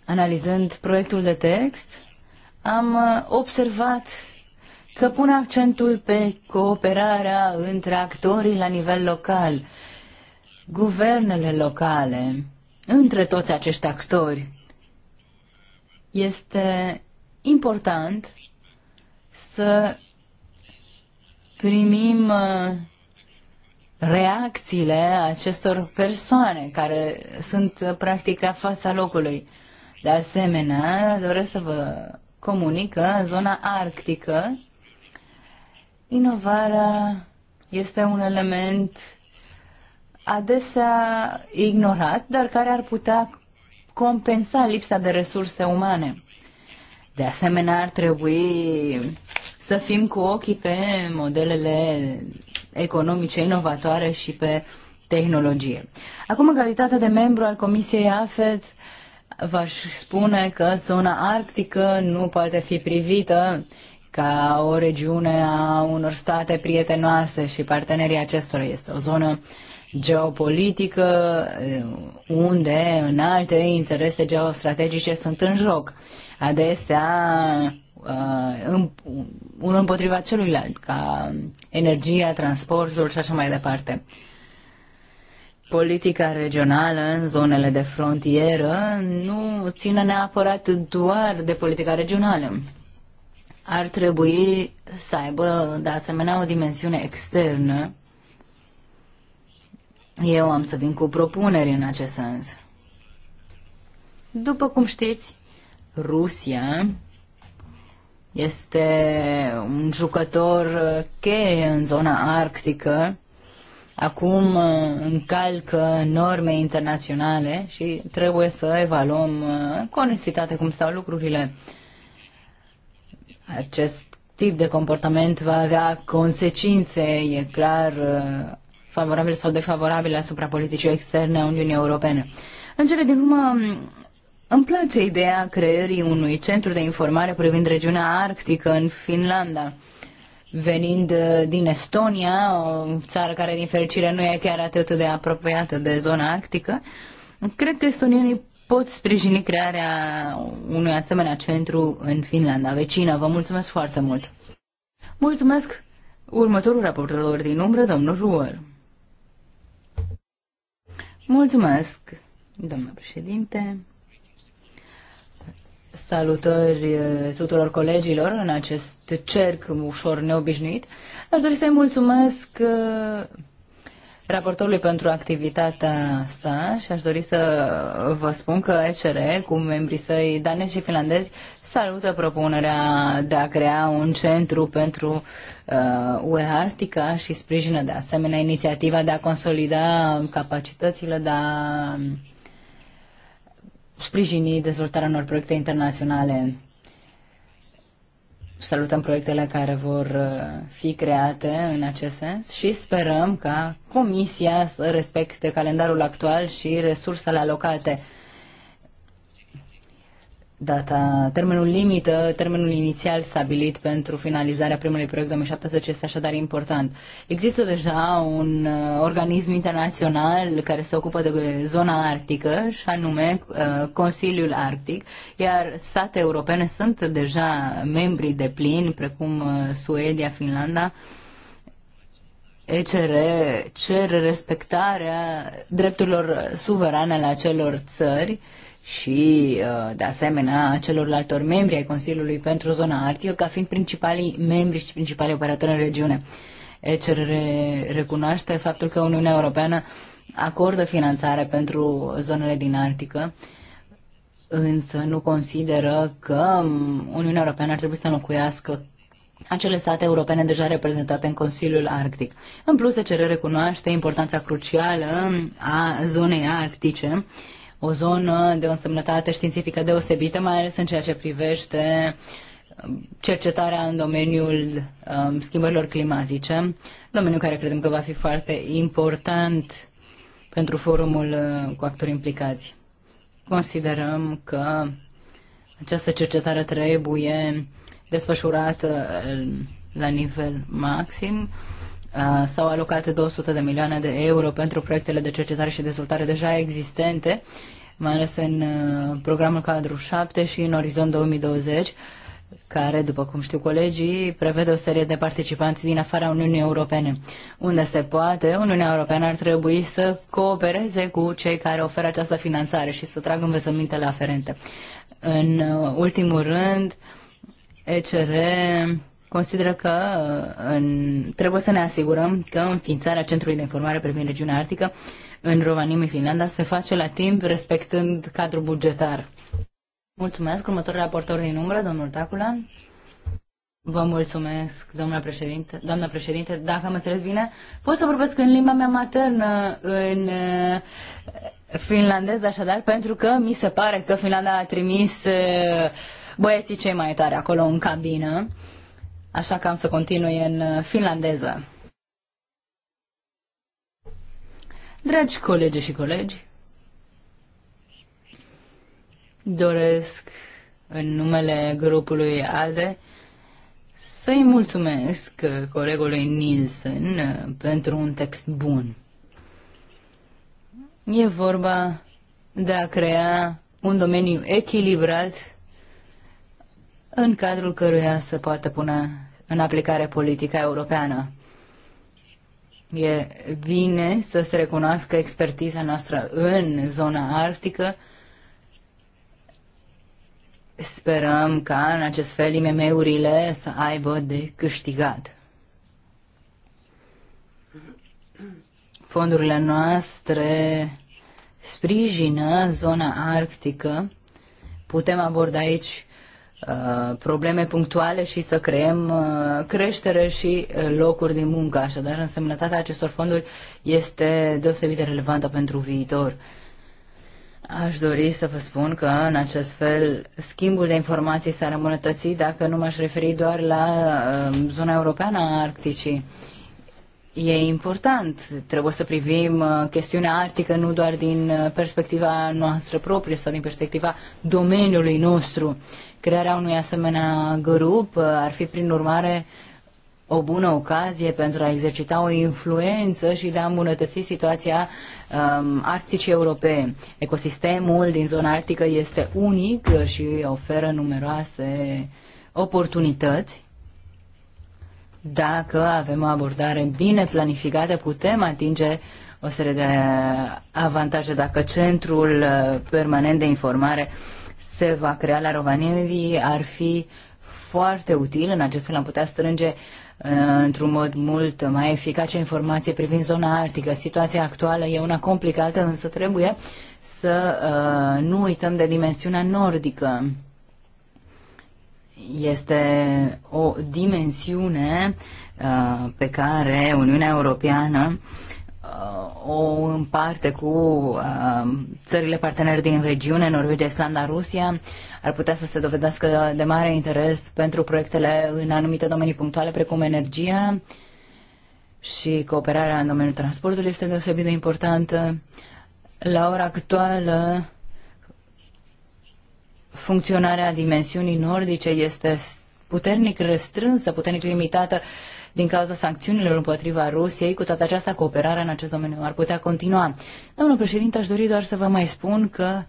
C: Analizând proiectul de text, am observat că pune accentul pe cooperarea între actorii la nivel local, guvernele locale, între toți acești actori. Este important să primim uh, reacțiile acestor persoane care sunt uh, practic la fața locului. De asemenea, doresc să vă comunic că în zona arctică inovarea este un element adesea ignorat, dar care ar putea compensa lipsa de resurse umane. De asemenea, ar trebui să fim cu ochii pe modelele economice inovatoare și pe tehnologie. Acum, în calitate de membru al Comisiei AFET, v-aș spune că zona arctică nu poate fi privită ca o regiune a unor state prietenoase și partenerii acestora. Este o zonă uh, geopolitică eh, unde în alte interese geostrategice sunt în joc. Adesea eh, unul împotriva celuilalt, ca energia, transportul și așa mai departe. Politica regională în zonele de frontieră nu ține neapărat doar de politica regională. Ar trebui să aibă, de asemenea, o dimensiune externă eu am să vin cu propuneri în acest sens. După cum știți, Rusia este un jucător cheie în zona arctică. Acum uh, încalcă norme internaționale și trebuie să evaluăm uh, cu onestitate cum stau lucrurile. Acest tip de comportament va avea consecințe, e clar, uh, favorabil sau defavorabil asupra politicii externe a Uniunii Europene. În cele din urmă, îmi place ideea creării unui centru de informare privind regiunea arctică în Finlanda. Venind uh, din Estonia, o țară care din fericire nu e chiar atât de apropiată de zona arctică, cred că estonienii pot sprijini crearea unui asemenea centru în Finlanda vecină. Vă mulțumesc foarte mult! Mulțumesc următorul raportor din umbră, domnul Ruor. Mulțumesc, domnule președinte. Salutări eh, tuturor colegilor în acest cerc ușor neobișnuit. Aș dori să-i mulțumesc eh, raportorului pentru activitatea sa și aș dori să vă spun că ECR, cu membrii săi danezi și finlandezi, salută propunerea de a crea un centru pentru uh, UE Arctica și sprijină de asemenea inițiativa de a consolida capacitățile, de a um, sprijini dezvoltarea unor proiecte internaționale salutăm proiectele care vor uh, fi create în acest sens și sperăm ca Comisia să respecte calendarul actual și resursele alocate. Data, termenul limită, termenul inițial stabilit pentru finalizarea primului proiect 2017 este așadar important. Există deja un uh, organism internațional care se ocupă de zona arctică și anume uh, Consiliul Arctic, iar state europene sunt deja membri de plin, precum uh, Suedia, Finlanda, ECR cer respectarea drepturilor suverane la celor țări și, uh, de asemenea, celorlaltor membri ai Consiliului pentru zona arctică, ca fiind principalii membri și principalii operatori în regiune. ECR recunoaște faptul că Uniunea Europeană acordă finanțare pentru zonele din Arctică, însă nu consideră că Uniunea Europeană ar trebui să înlocuiască acele state europene deja reprezentate în Consiliul Arctic. În plus, ECR recunoaște importanța crucială a zonei arctice o zonă de o însemnătate științifică deosebită, mai ales în ceea ce privește um, cercetarea în domeniul um, schimbărilor climatice, domeniu care credem că va fi foarte important pentru forumul uh, cu actori implicați. Considerăm că această cercetare trebuie desfășurată uh, la nivel maxim. Uh, s-au alocat 200 de milioane de euro pentru proiectele de cercetare și dezvoltare deja existente mai ales în uh, programul cadru 7 și în Orizont 2020, care, după cum știu colegii, prevede o serie de participanți din afara Uniunii Europene. Unde se poate, Uniunea Europeană ar trebui să coopereze cu cei care oferă această finanțare și să tragă învățămintele aferente. În uh, ultimul rând, ECR consideră că uh, în, trebuie să ne asigurăm că înființarea Centrului de Informare privind regiunea Arctică în România și Finlanda se face la timp respectând cadrul bugetar. Mulțumesc. Următorul raportor din umbră, domnul Taculan. Vă mulțumesc, doamna președinte. Doamna președinte, dacă am înțeles bine, pot să vorbesc în limba mea maternă, în eh, finlandez, așadar, pentru că mi se pare că Finlanda a trimis eh, băieții cei mai tari acolo în cabină, așa că am să continui în eh, finlandeză. Dragi colegi și colegi, doresc în numele grupului Ade să-i mulțumesc colegului Nielsen uh, pentru un text bun. E vorba de a crea un domeniu echilibrat în cadrul căruia se poate pune în aplicare politica europeană. E bine să se recunoască expertiza noastră în zona arctică. Sperăm ca în acest fel IMM-urile să aibă de câștigat. Fondurile noastre sprijină zona arctică. Putem aborda aici Uh, probleme punctuale și să creăm uh, creștere și uh, locuri de muncă. Așadar, însemnătatea acestor fonduri este deosebit de relevantă pentru viitor. Aș dori să vă spun că, în acest fel, schimbul de informații s-ar îmbunătăți dacă nu m-aș referi doar la zona europeană a Arcticii. E important, trebuie să privim chestiunea arctică nu doar din perspectiva noastră proprie sau din perspectiva domeniului nostru Crearea unui asemenea grup ar fi, prin urmare, o bună ocazie pentru a exercita o influență și de a îmbunătăți situația um, arcticii europene. Ecosistemul din zona arctică este unic și oferă numeroase oportunități. Dacă avem o abordare bine planificată, putem atinge o serie de avantaje dacă centrul uh, permanent de informare uh, se va crea la Rovaniemi ar fi foarte util. În acest fel am putea strânge uh, într-un mod mult mai eficace informație privind zona arctică. Situația actuală e una complicată, însă trebuie să uh, nu uităm de dimensiunea nordică. Este o dimensiune uh, pe care Uniunea Europeană Uh, o împarte cu uh, țările parteneri din regiune, Norvegia, Islanda, Rusia, ar putea să se dovedească de mare interes pentru proiectele în anumite domenii punctuale, precum energia și cooperarea în domeniul transportului este deosebit de importantă. La ora actuală, funcționarea dimensiunii nordice este puternic restrânsă, puternic limitată din cauza sancțiunilor împotriva Rusiei, cu toată aceasta cooperare în acest domeniu ar putea continua. Domnul președinte, aș dori doar să vă mai spun că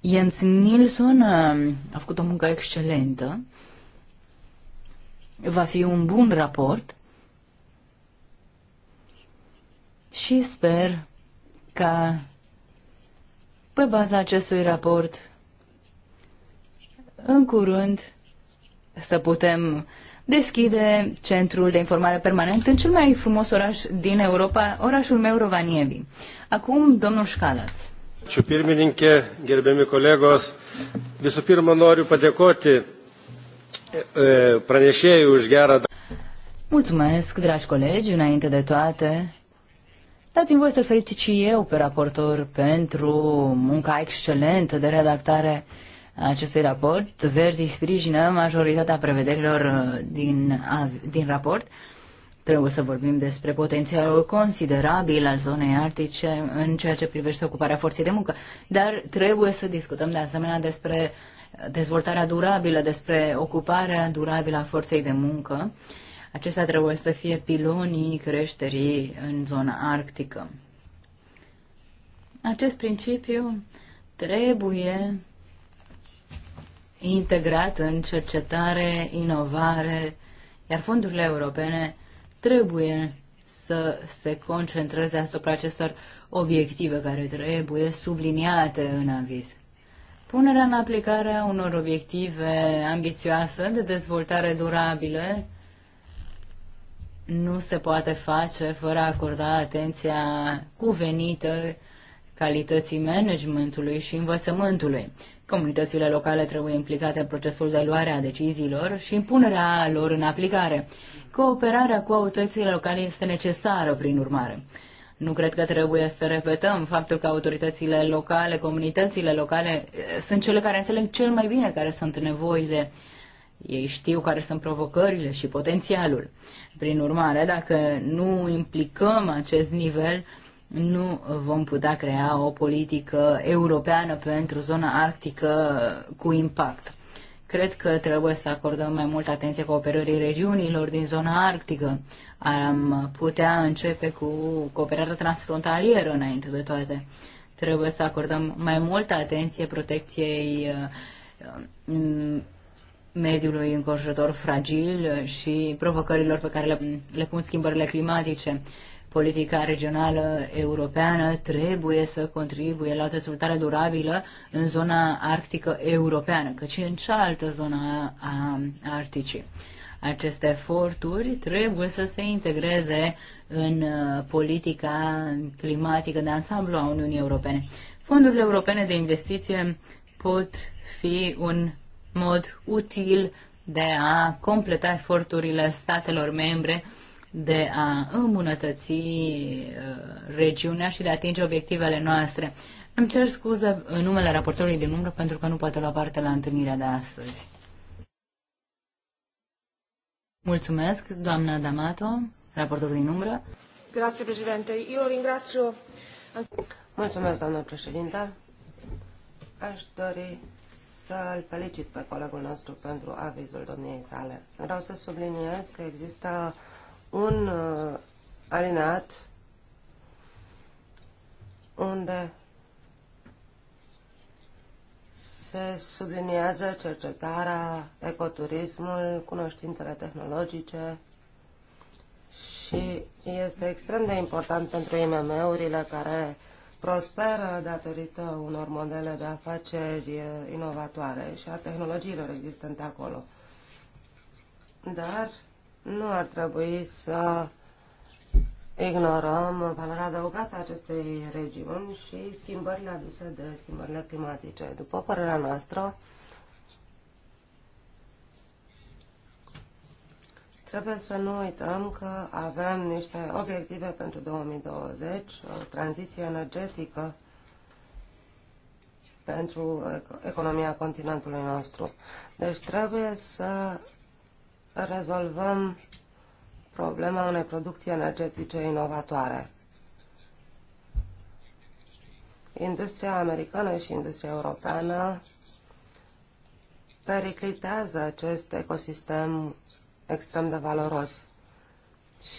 C: Jens Nilsson um, a făcut o muncă excelentă. Va fi un bun raport și sper ca pe baza acestui raport în curând să putem deschide centrul de informare permanent în cel mai frumos oraș din Europa, orașul meu Rovaniemi. Acum, domnul Șcalaț.
B: Ciu pirmininke, gerbemi colegos, visu pirmă noriu padėkoti pranešėjui už gheara. Da-
C: Mulțumesc, dragi colegi, înainte de toate. Dați-mi voie să-l felicit și eu pe raportor pentru munca excelentă de redactare acestui raport. Verzii sprijină majoritatea prevederilor uh, din, din raport. Trebuie să vorbim despre potențialul considerabil al zonei arctice în ceea ce privește ocuparea forței de muncă, dar trebuie să discutăm de asemenea despre dezvoltarea durabilă, despre ocuparea durabilă a forței de muncă. Acestea trebuie să fie pilonii creșterii în zona arctică. Acest principiu trebuie integrat în cercetare, inovare, iar fondurile europene trebuie să se concentreze asupra acestor obiective care trebuie subliniate în aviz. Punerea în aplicare a unor obiective ambițioase de dezvoltare durabilă nu se poate face fără a acorda atenția cuvenită calității managementului și învățământului. Comunitățile locale trebuie implicate în procesul de luare a deciziilor și impunerea lor în aplicare. Cooperarea cu autoritățile locale este necesară, prin urmare. Nu cred că trebuie să repetăm faptul că autoritățile locale, comunitățile locale eh, sunt cele care înțeleg cel mai bine care sunt nevoile. Ei știu care sunt provocările și potențialul. Prin urmare, dacă nu implicăm acest nivel, nu vom putea crea o politică europeană pentru zona arctică cu impact. Cred că trebuie să acordăm mai multă atenție cooperării regiunilor din zona arctică. Am putea începe cu cooperarea transfrontalieră înainte de toate. Trebuie să acordăm mai multă atenție protecției uh, mediului înconjurător fragil și provocărilor pe care le, le pun schimbările climatice. Politica regională europeană trebuie să contribuie la o dezvoltare durabilă în zona arctică europeană, cât și în cealaltă zona a Arcticii. Aceste eforturi trebuie să se integreze în uh, politica climatică de ansamblu a Uniunii Europene. Fondurile europene de investiție pot fi un mod util de a completa eforturile statelor membre uh, de a îmbunătăți uh, regiunea și de a atinge obiectivele noastre. Îmi cer scuze în numele raportorului din umbră pentru că nu poate lua parte la întâlnirea de astăzi. Mulțumesc, doamna D'Amato, raportorul din
D: umbră. Grazie, președinte. Eu ringrazio... Mulțumesc, doamna președinte. Aș dori să-l felicit pe colegul nostru pentru avizul domniei sale. Vreau să subliniez că există un uh, alinat unde se subliniază cercetarea, ecoturismul, cunoștințele tehnologice și este extrem de important pentru IMM-urile care prosperă datorită unor modele de afaceri uh, inovatoare și a tehnologiilor existente acolo. Dar nu ar trebui să ignorăm valoarea adăugată a acestei regiuni și schimbările aduse de schimbările climatice. După părerea noastră, Trebuie să nu uităm că avem niște obiective pentru 2020, o tranziție energetică pentru economia continentului nostru. Deci trebuie să rezolvăm problema unei producții energetice inovatoare. Industria americană și industria europeană periclitează acest ecosistem extrem de valoros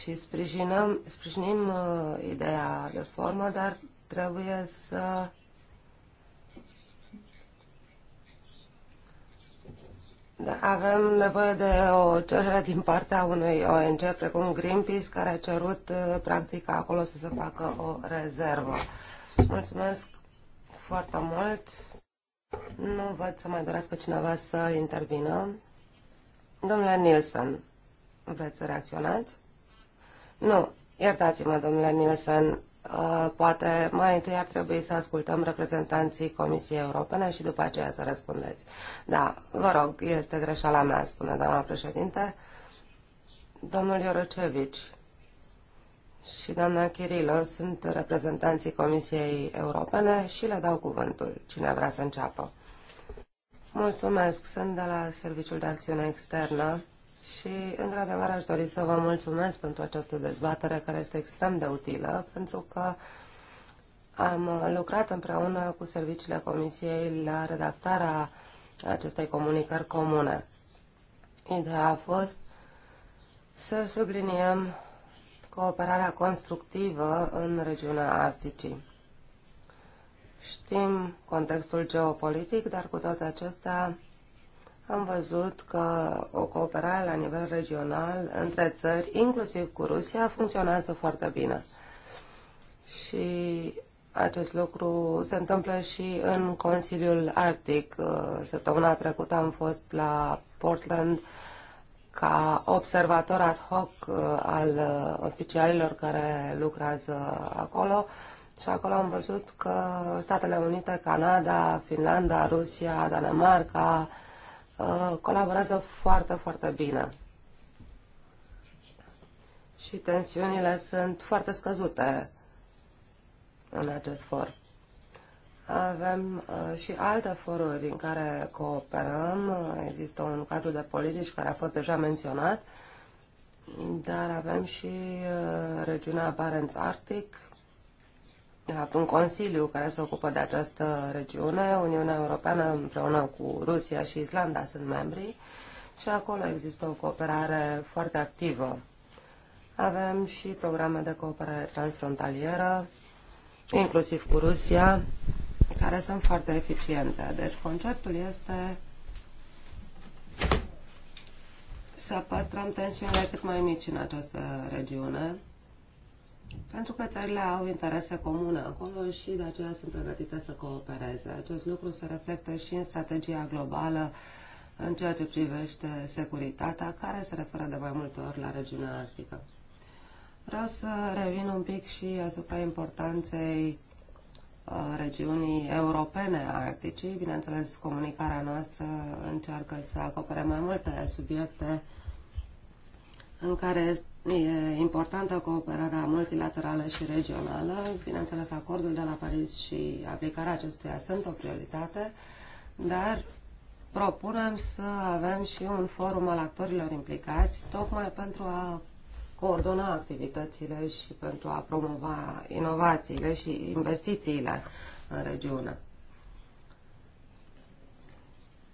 D: și sprijinăm, sprijinim uh, ideea de formă, dar trebuie să Avem nevoie de o cerere din partea unei ONG precum Greenpeace, care a cerut uh, practic acolo să se facă o rezervă. Mulțumesc foarte mult. Nu văd să mai dorească cineva să intervină. Domnule Nilsson, vreți să reacționați? Nu, iertați-mă, domnule Nilsson, Uh, poate mai întâi ar trebui să ascultăm reprezentanții Comisiei Europene și după aceea să răspundeți. Da, vă rog, este greșeala mea, spune doamna președinte. Domnul Iorocevici și doamna Chirilo sunt reprezentanții Comisiei Europene și le dau cuvântul, cine vrea să înceapă. Mulțumesc, sunt de la Serviciul de Acțiune Externă și, într-adevăr, aș dori să vă mulțumesc pentru această dezbatere care este extrem de utilă, pentru că am lucrat împreună cu serviciile Comisiei la redactarea acestei comunicări comune. Ideea a fost să subliniem cooperarea constructivă în regiunea Arcticii. Știm contextul geopolitic, dar cu toate acestea am văzut că o cooperare la nivel regional între țări, inclusiv cu Rusia, funcționează foarte bine. Și acest lucru se întâmplă și în Consiliul Arctic. Uh, săptămâna trecută am fost la Portland ca observator ad hoc uh, al uh, oficialilor care lucrează acolo și acolo am văzut că Statele Unite, Canada, Finlanda, Rusia, Danemarca, Uh, colaborează foarte, foarte bine. Și tensiunile sunt foarte scăzute în acest for. Avem uh, și alte foruri în care cooperăm. Există un cadru de politici care a fost deja menționat, dar avem și uh, regiunea Barents Arctic, de fapt, un consiliu care se ocupă de această regiune. Uniunea Europeană împreună cu Rusia și Islanda sunt membri și acolo există o cooperare foarte activă. Avem și programe de cooperare transfrontalieră, inclusiv cu Rusia, care sunt foarte eficiente. Deci conceptul este să păstrăm tensiunile cât mai mici în această regiune pentru că țările au interese comune acolo și de aceea sunt pregătite să coopereze. Acest lucru se reflectă și în strategia globală în ceea ce privește securitatea, care se referă de mai multe ori la regiunea arctică. Vreau să revin un pic și asupra importanței uh, regiunii europene a Arcticii. Bineînțeles, comunicarea noastră încearcă să acopere mai multe subiecte în care este E importantă cooperarea multilaterală și regională. Bineînțeles, acordul de la Paris și aplicarea acestuia sunt o prioritate, dar propunem să avem și un forum al actorilor implicați, tocmai pentru a coordona activitățile și pentru a promova inovațiile și investițiile în regiune.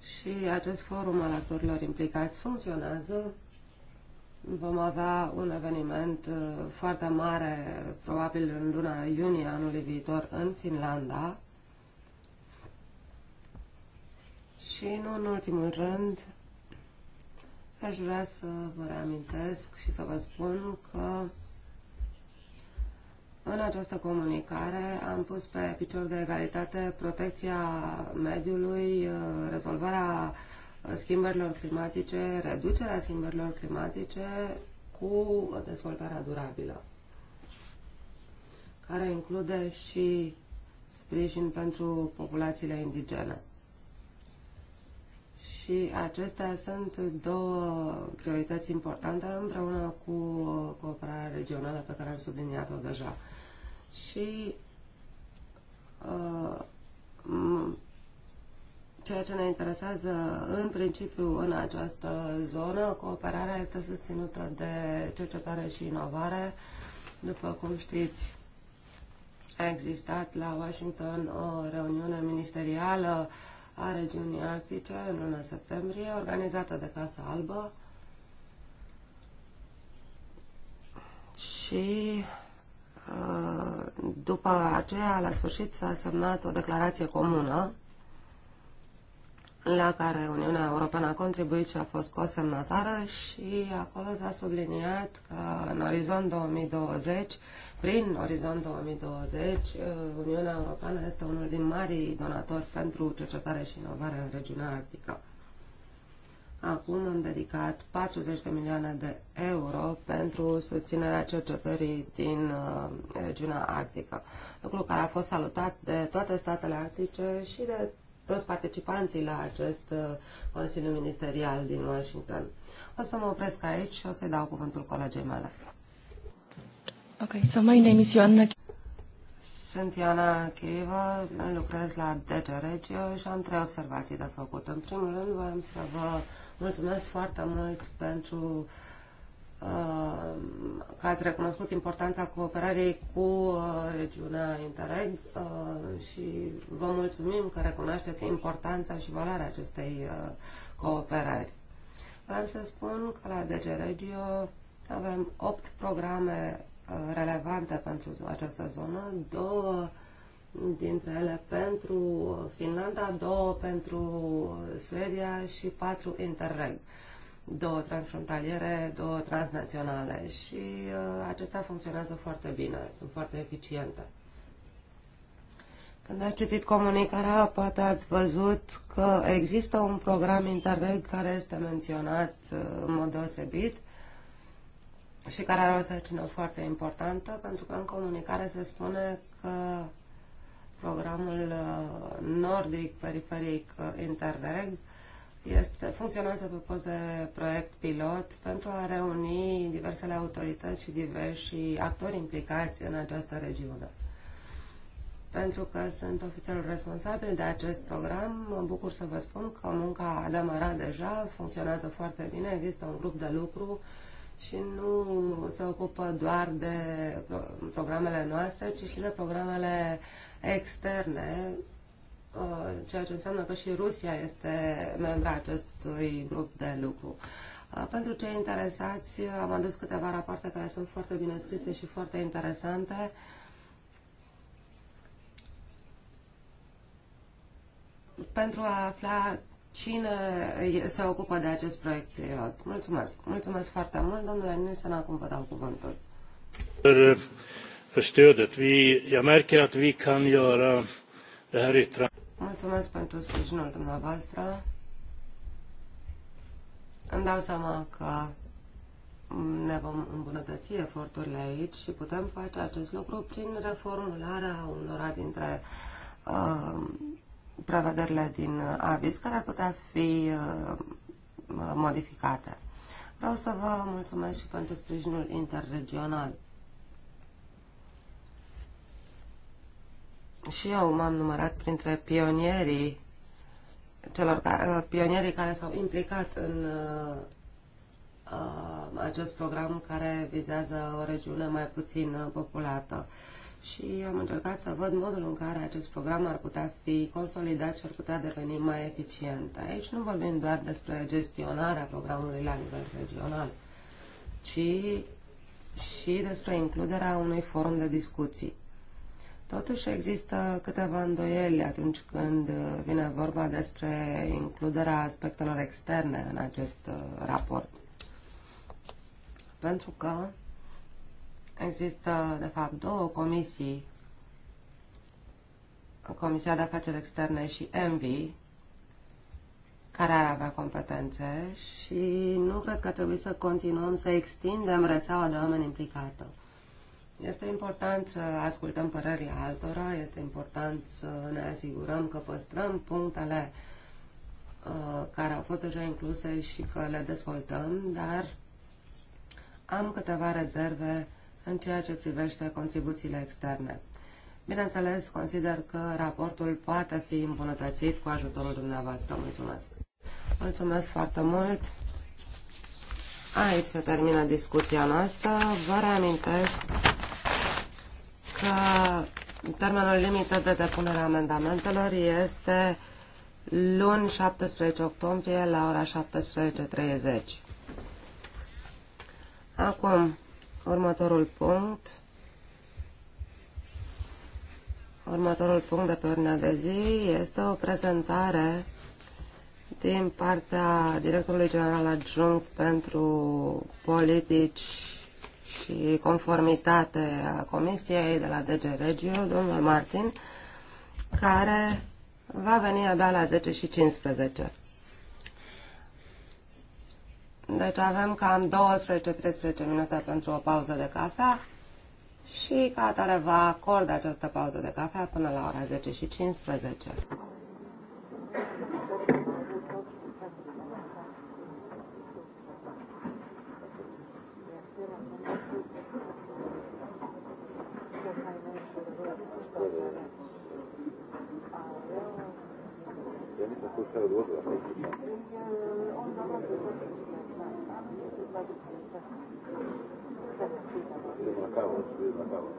D: Și acest forum al actorilor implicați funcționează vom avea un eveniment uh, foarte mare, probabil în luna iunie anului viitor, în Finlanda. Și, nu în ultimul rând, aș vrea să vă reamintesc și să vă spun că în această comunicare am pus pe picior de egalitate protecția mediului, uh, rezolvarea schimbărilor climatice, reducerea schimbărilor climatice cu dezvoltarea durabilă, care include și sprijin pentru populațiile indigene. Și acestea sunt două priorități importante împreună cu cooperarea regională pe care am subliniat-o deja. Și uh, ceea ce ne interesează în principiu în această zonă. Cooperarea este susținută de cercetare și inovare. După cum știți, a existat la Washington o reuniune ministerială a regiunii arctice în luna septembrie, organizată de Casa Albă. Și uh, după aceea, la sfârșit, s-a semnat o declarație comună la care Uniunea Europeană a contribuit și a fost cosemnatară și acolo s-a subliniat că în orizont 2020, prin orizont 2020, uh, Uniunea Europeană este unul din marii donatori pentru cercetare și inovare în regiunea arctică. Acum am dedicat 40 de milioane de euro pentru susținerea cercetării din uh, regiunea arctică, lucru care a fost salutat de toate statele arctice și de toți participanții la acest uh, Consiliu Ministerial din Washington. O să mă opresc aici și o să-i dau cuvântul colegei mele.
C: Ok, so my name is Ioana
D: sunt Ioana Chiriva, lucrez la DG Regio și am trei observații de făcut. În primul rând, vreau să vă mulțumesc foarte mult pentru Uh, că ați recunoscut importanța cooperării cu uh, regiunea Interreg uh, și vă mulțumim că recunoașteți importanța și valoarea acestei cooperări. Vreau să spun că la DG Regio avem 8 programe relevante pentru această zonă, două dintre ele pentru Finlanda, două pentru Suedia și patru Interreg două transfrontaliere, două transnaționale și uh, acestea funcționează foarte bine, sunt foarte eficiente. Când ați citit comunicarea, poate ați văzut că există un program interreg care este menționat uh, în mod deosebit și care are o sarcină foarte importantă, pentru că în comunicare se spune că programul uh, nordic periferic uh, interreg uh, este, funcționează pe de proiect pilot pentru a reuni diversele autorități și diversi actori implicați în această regiune. Pentru că sunt ofițerul responsabil de acest program, mă bucur să vă spun că munca a demarat deja, funcționează foarte bine, există un grup de lucru și nu se ocupă doar de programele noastre, ci și de programele externe Uh, ceea ce înseamnă că și Rusia este membra acestui grup de lucru. Uh, pentru cei interesați, am adus câteva rapoarte care sunt foarte bine scrise și foarte interesante. Pentru a afla cine se ocupă de acest proiect pilot. Mulțumesc. Mulțumesc foarte mult, domnule Nilsen, acum vă dau cuvântul.
B: pentru stödet. Vi, jag märker att vi kan göra det här yttrandet.
D: Mulțumesc pentru sprijinul dumneavoastră. Îmi dau seama că ne vom îmbunătăți eforturile aici și putem face acest lucru prin reformularea unora dintre uh, prevederile din aviz care ar putea fi uh, modificate. Vreau să vă mulțumesc și pentru sprijinul interregional. și eu m-am numărat printre pionierii celor care, uh, pionierii care s-au implicat în uh, uh, acest program care vizează o regiune mai puțin uh, populată. Și am încercat să văd modul în care acest program ar putea fi consolidat și ar putea deveni mai eficient. Aici nu vorbim doar despre gestionarea programului la nivel regional, ci și despre includerea unui forum de discuții Totuși există câteva îndoieli atunci când uh, vine vorba despre includerea aspectelor externe în acest uh, raport. Pentru că există, de fapt, două comisii, Comisia de Afaceri Externe și ENVI, care ar avea competențe și nu cred că trebuie să continuăm să extindem rețeaua de oameni implicată. Este important să ascultăm părerile altora, este important să ne asigurăm că păstrăm punctele uh, care au fost deja incluse și că le dezvoltăm, dar am câteva rezerve în ceea ce privește contribuțiile externe. Bineînțeles, consider că raportul poate fi îmbunătățit cu ajutorul dumneavoastră. Mulțumesc! Mulțumesc foarte mult! Aici se termină discuția noastră. Vă reamintesc că termenul limită de depunere a amendamentelor este luni 17 octombrie la ora 17.30. Acum, următorul punct. Următorul punct de pe ordinea de zi este o prezentare din partea directorului general adjunct pentru politici și conformitate a Comisiei de la DG Regio, domnul Martin, care va veni abia la 10 și 15. Deci avem cam 12-13 minute pentru o pauză de cafea și ca atare va acorda această pauză de cafea până la ora 10 și 15.
B: Я не хочу сказать, вот, а
E: на каву, на каву.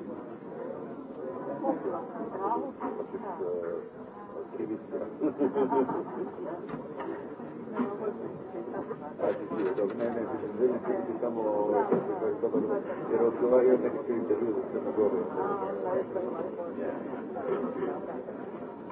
E: И разговаривать на какие-то люди, которые...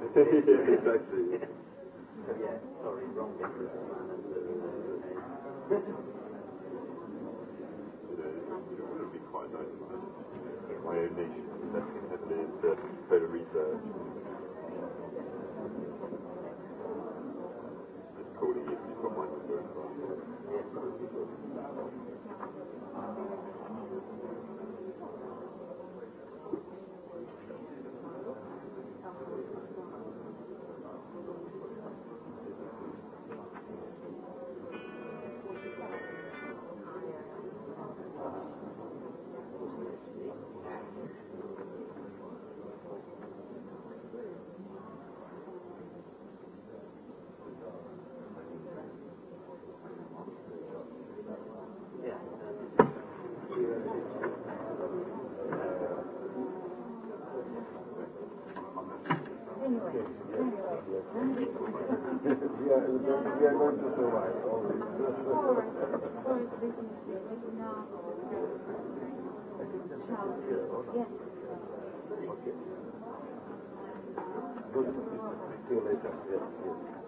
E: exactly. Yeah, sorry, wrong It would be quite nice my own nation was *laughs* investing heavily Yes. Good. See you later. Yes, yes.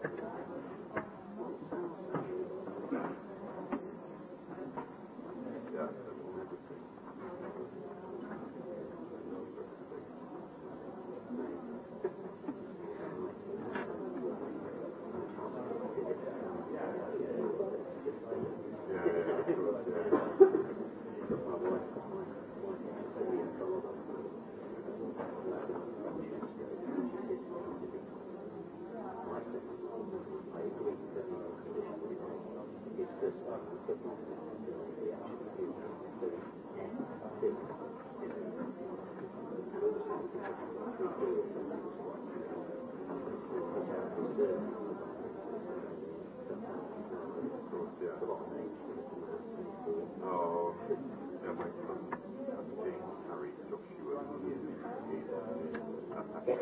E: Thank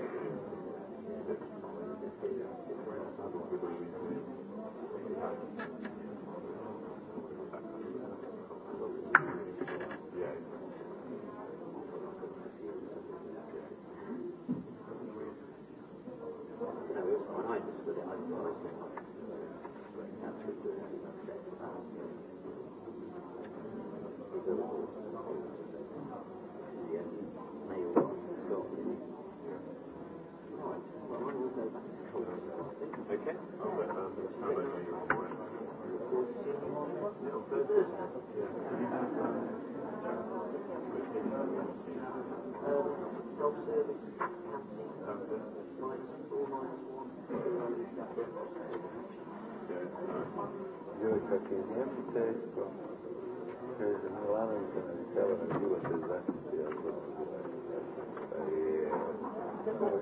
E: you.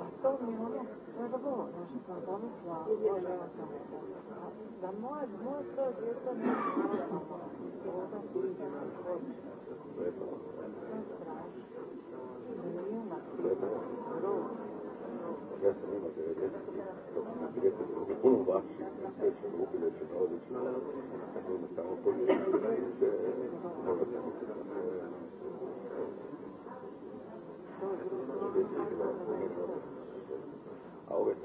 E: 100 milioane. Наоборот, наша свобода слава. Да мой, мой труд, это не Я сам не могу верить, что он интересно другому вообще, встреча группы, для чего лично, который на самом деле может быть. А ова е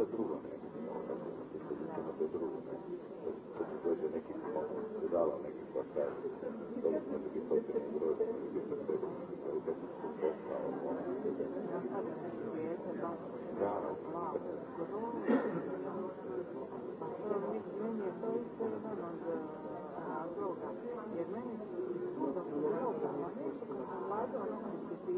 E: друго некој, ова е друго некој. Тоа дојде неки дала неки квартал, тоа може би тоа е друго, може би тоа е тоа е тоа Да, Jer meni je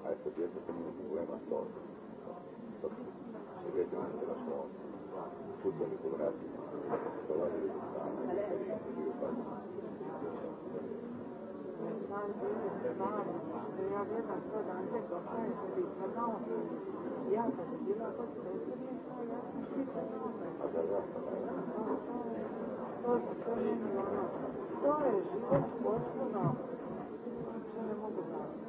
E: adesso ti è stato un problema storico si vede anche la storia tutto ricordato trovare il To je život potpuno, što ne mogu znati.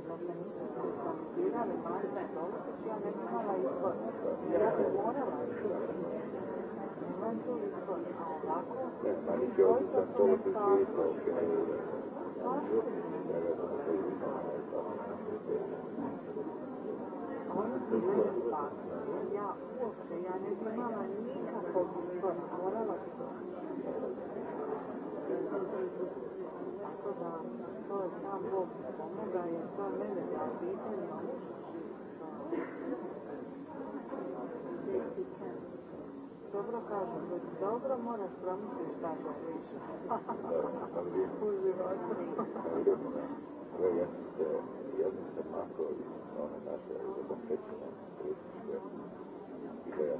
E: intervenit în transparențirea remarca toată și anexa la izbor. Era de moră la momentul izbor. A ovako, izbor sa solestatom. Oni su mene spasili, ja uopšte, ja ne bi imala nikakvog izbora, morala sam da, to sam Bog pomoga, jer to mene da pitanje, a ne Dobro kažem, da dobro moraš promisliti šta da više. U životu. Evo ja sam se, ja sam se mako one naše zabompečene turističke ideja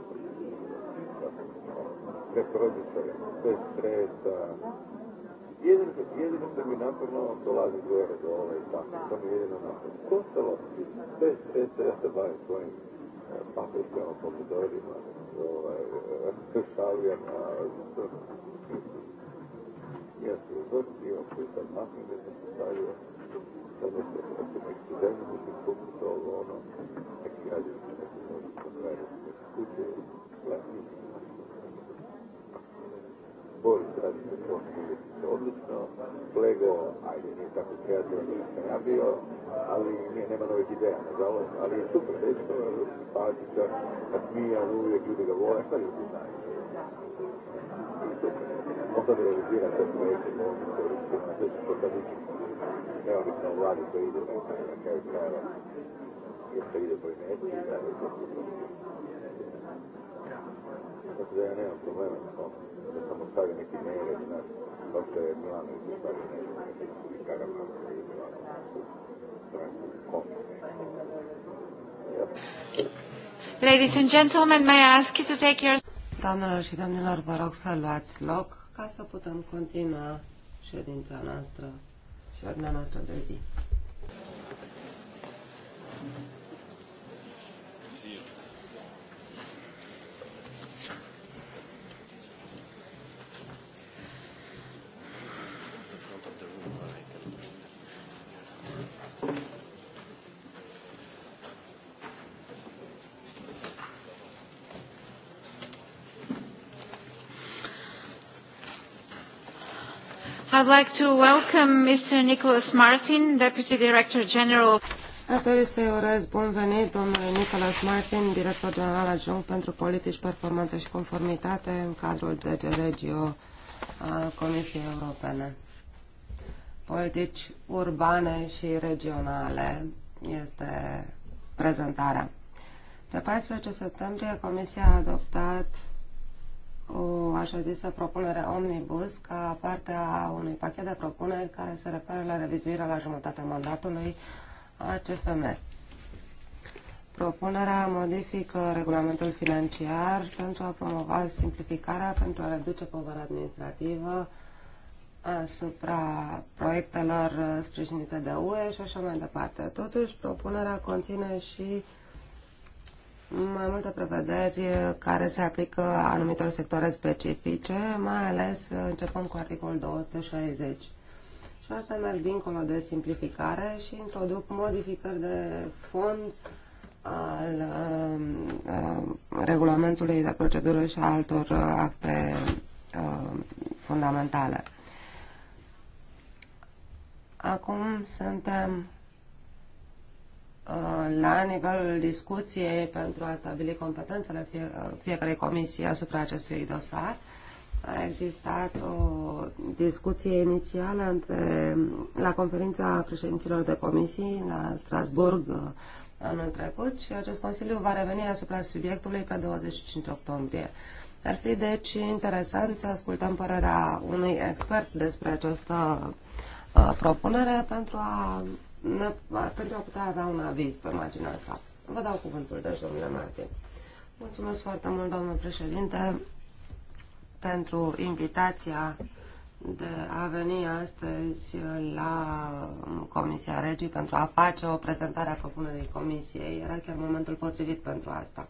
E: preproducere, bez stresa, Jedino kad, jedino što mi naporno dolazi gore do ove i tako, da. to mi jedino naporno. Ostalo, bez ceste ja se bavim svojim paprikama, pomidorima, ovaj, šalijama, ja se uzvrtio, koji sam naknade sam se stavio, sad me se neki zemlji, neki kupiti ovo, ono, neki radim, neki možda sam radio, neki kuće, gledam, tradición odlično, Lego, ajde, nije tako kreativan da sam ja bio, ali nije, nema novih ideja, nažalost, ali je super, dečko, simpatičan, nasmijan, uvijek ljudi ga vole, šta ljudi znaju? Možda bi realizira te projekte, možda se realizira na sveći što sad ići, neovisno vladi to ide, na kraju krajeva, jer se ide po imetu i da je to super. Tako da ja nemam problema s tom da samo stavi neki mail, znaš, kao što je Milanović stavio nešto, neki karavana, ili
D: Ladies and gentlemen, may I ask you to take your... Doamnelor și domnilor, vă rog să luați loc ca să putem continua ședința noastră și ordinea noastră de zi.
E: Thank you.
A: I'd like to welcome Mr. Nicholas Martin, Deputy Director General.
D: Aș dori să-i urez bun venit domnului Nicholas Martin, director general adjunct pentru politici, performanță și conformitate în cadrul DG Regio al Comisiei Europene. Politici urbane și regionale este prezentarea. Pe 14 septembrie, Comisia a adoptat o așa zisă propunere omnibus ca parte a unui pachet de propuneri care se referă la revizuirea la jumătatea mandatului a CFM. Propunerea modifică regulamentul financiar pentru a promova simplificarea, pentru a reduce povara administrativă asupra proiectelor sprijinite de UE și așa mai departe. Totuși, propunerea conține și mai multe prevederi care se aplică anumitor sectoare specifice, mai ales începând cu articolul 260. Și asta merg dincolo de simplificare și introduc modificări de fond al uh, regulamentului de procedură și a altor uh, acte uh, fundamentale. Acum suntem Uh, la nivelul discuției pentru a stabili competențele fie, uh, fiecarei comisii asupra acestui dosar. A existat o discuție inițială între, la conferința președinților de comisii la Strasburg uh, anul trecut și acest Consiliu va reveni asupra subiectului pe 25 octombrie. Ar fi deci interesant să ascultăm părerea unui expert despre această uh, propunere pentru a pentru a putea avea un aviz pe marginea sa. Vă dau cuvântul, deci, domnule Martin. Mulțumesc foarte mult, domnule președinte, pentru invitația de a veni astăzi la Comisia Regii pentru a face o prezentare a propunerii Comisiei. Era chiar momentul potrivit pentru asta.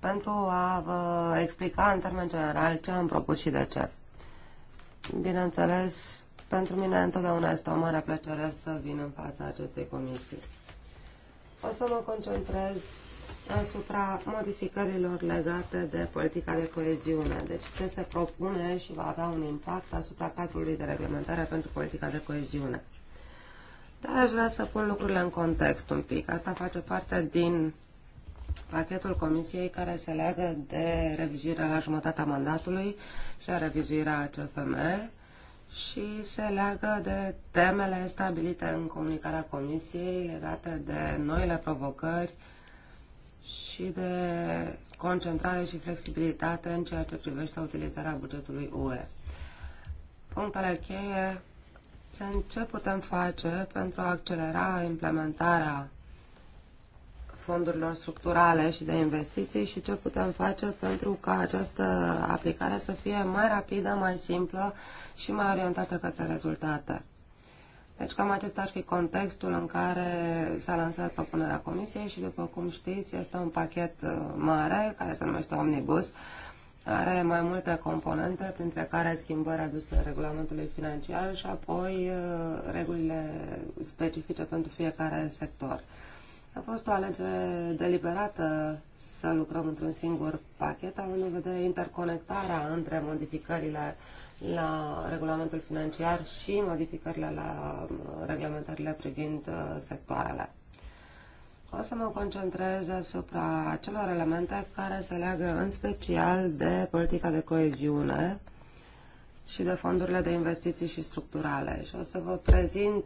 D: Pentru a vă explica în termen general ce am propus și de ce. Bineînțeles, pentru mine întotdeauna este o mare plăcere să vin în fața acestei comisii. O să mă concentrez asupra modificărilor legate de politica de coeziune. Deci ce se propune și va avea un impact asupra cadrului de reglementare pentru politica de coeziune. Dar aș vrea să pun lucrurile în context un pic. Asta face parte din pachetul Comisiei care se leagă de revizuirea la jumătatea mandatului și a revizuirea CFM și se leagă de temele stabilite în comunicarea Comisiei legate de noile provocări și de concentrare și flexibilitate în ceea ce privește utilizarea bugetului UE. Punctele cheie sunt ce putem face pentru a accelera implementarea fondurilor structurale și de investiții și ce putem face pentru ca această aplicare să fie mai rapidă, mai simplă și mai orientată către rezultate. Deci cam acesta ar fi contextul în care s-a lansat propunerea Comisiei și, după cum știți, este un pachet uh, mare care se numește Omnibus. Are mai multe componente, printre care schimbări aduse regulamentului financiar și apoi uh, regulile specifice pentru fiecare sector. A fost o alegere deliberată să lucrăm într-un singur pachet, având în vedere interconectarea între modificările la regulamentul financiar și modificările la uh, reglementările privind uh, sectoarele. O să mă concentrez asupra acelor elemente care se leagă în special de politica de coeziune și de fondurile de investiții și structurale. Și o să vă prezint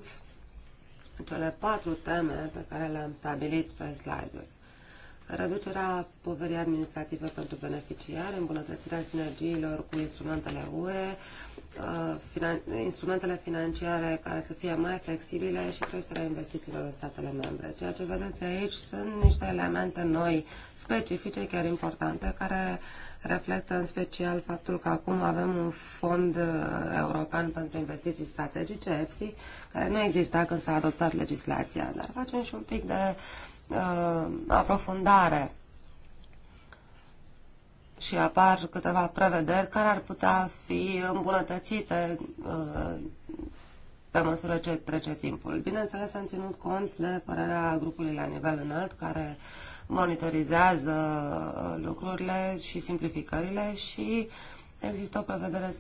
D: cele patru teme pe care le-am stabilit pe slide-uri. Reducerea poverii administrative pentru beneficiari, îmbunătățirea sinergiilor cu instrumentele UE, uh, instrumentele financiare care să fie mai flexibile și creșterea investițiilor în statele membre. Ceea ce vedeți aici sunt niște elemente noi, specifice, chiar importante, care uh, reflectă în special faptul că acum avem un fond uh, european pentru investiții strategice, EPSI, care nu exista când s-a adoptat legislația, dar facem și un pic de uh, aprofundare și apar câteva prevederi care ar putea fi îmbunătățite uh, pe măsură ce trece timpul. Bineînțeles, am ținut cont de părerea grupului la nivel înalt, care uh, monitorizează uh, lucrurile și simplificările și există o prevedere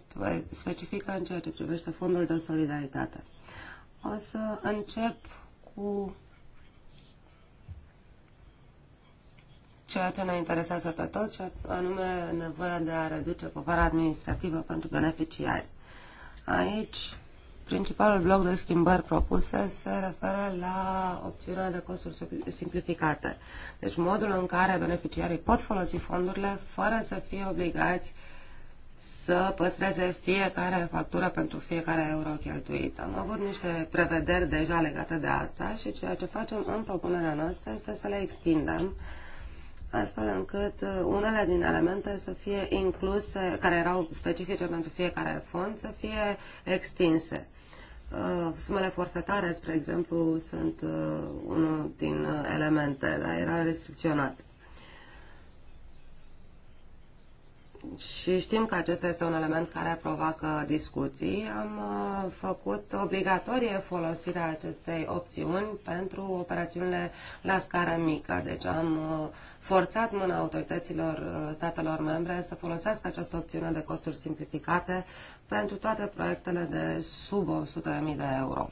D: specifică în ceea ce privește fondul de solidaritate. O să încep cu ceea ce ne interesează pe toți, anume nevoia de a reduce povara administrativă pentru beneficiari. Aici Principalul bloc de schimbări propuse se referă la opțiunea de costuri simplificate. Deci modul în care beneficiarii pot folosi fondurile fără să fie obligați să păstreze fiecare factură pentru fiecare euro cheltuit. Am avut niște prevederi deja legate de asta și ceea ce facem în propunerea noastră este să le extindem astfel încât uh, unele din elemente să fie incluse, care erau specifice pentru fiecare fond, să fie extinse. Uh, sumele forfetare, spre exemplu, sunt uh, unul din uh, elemente, dar era restricționat. Și știm că acesta este un element care provoacă discuții. Am făcut obligatorie folosirea acestei opțiuni pentru operațiunile la scară mică. Deci am forțat mâna autorităților uh, statelor membre să folosească această opțiune de costuri simplificate pentru toate proiectele de sub 100.000 de euro.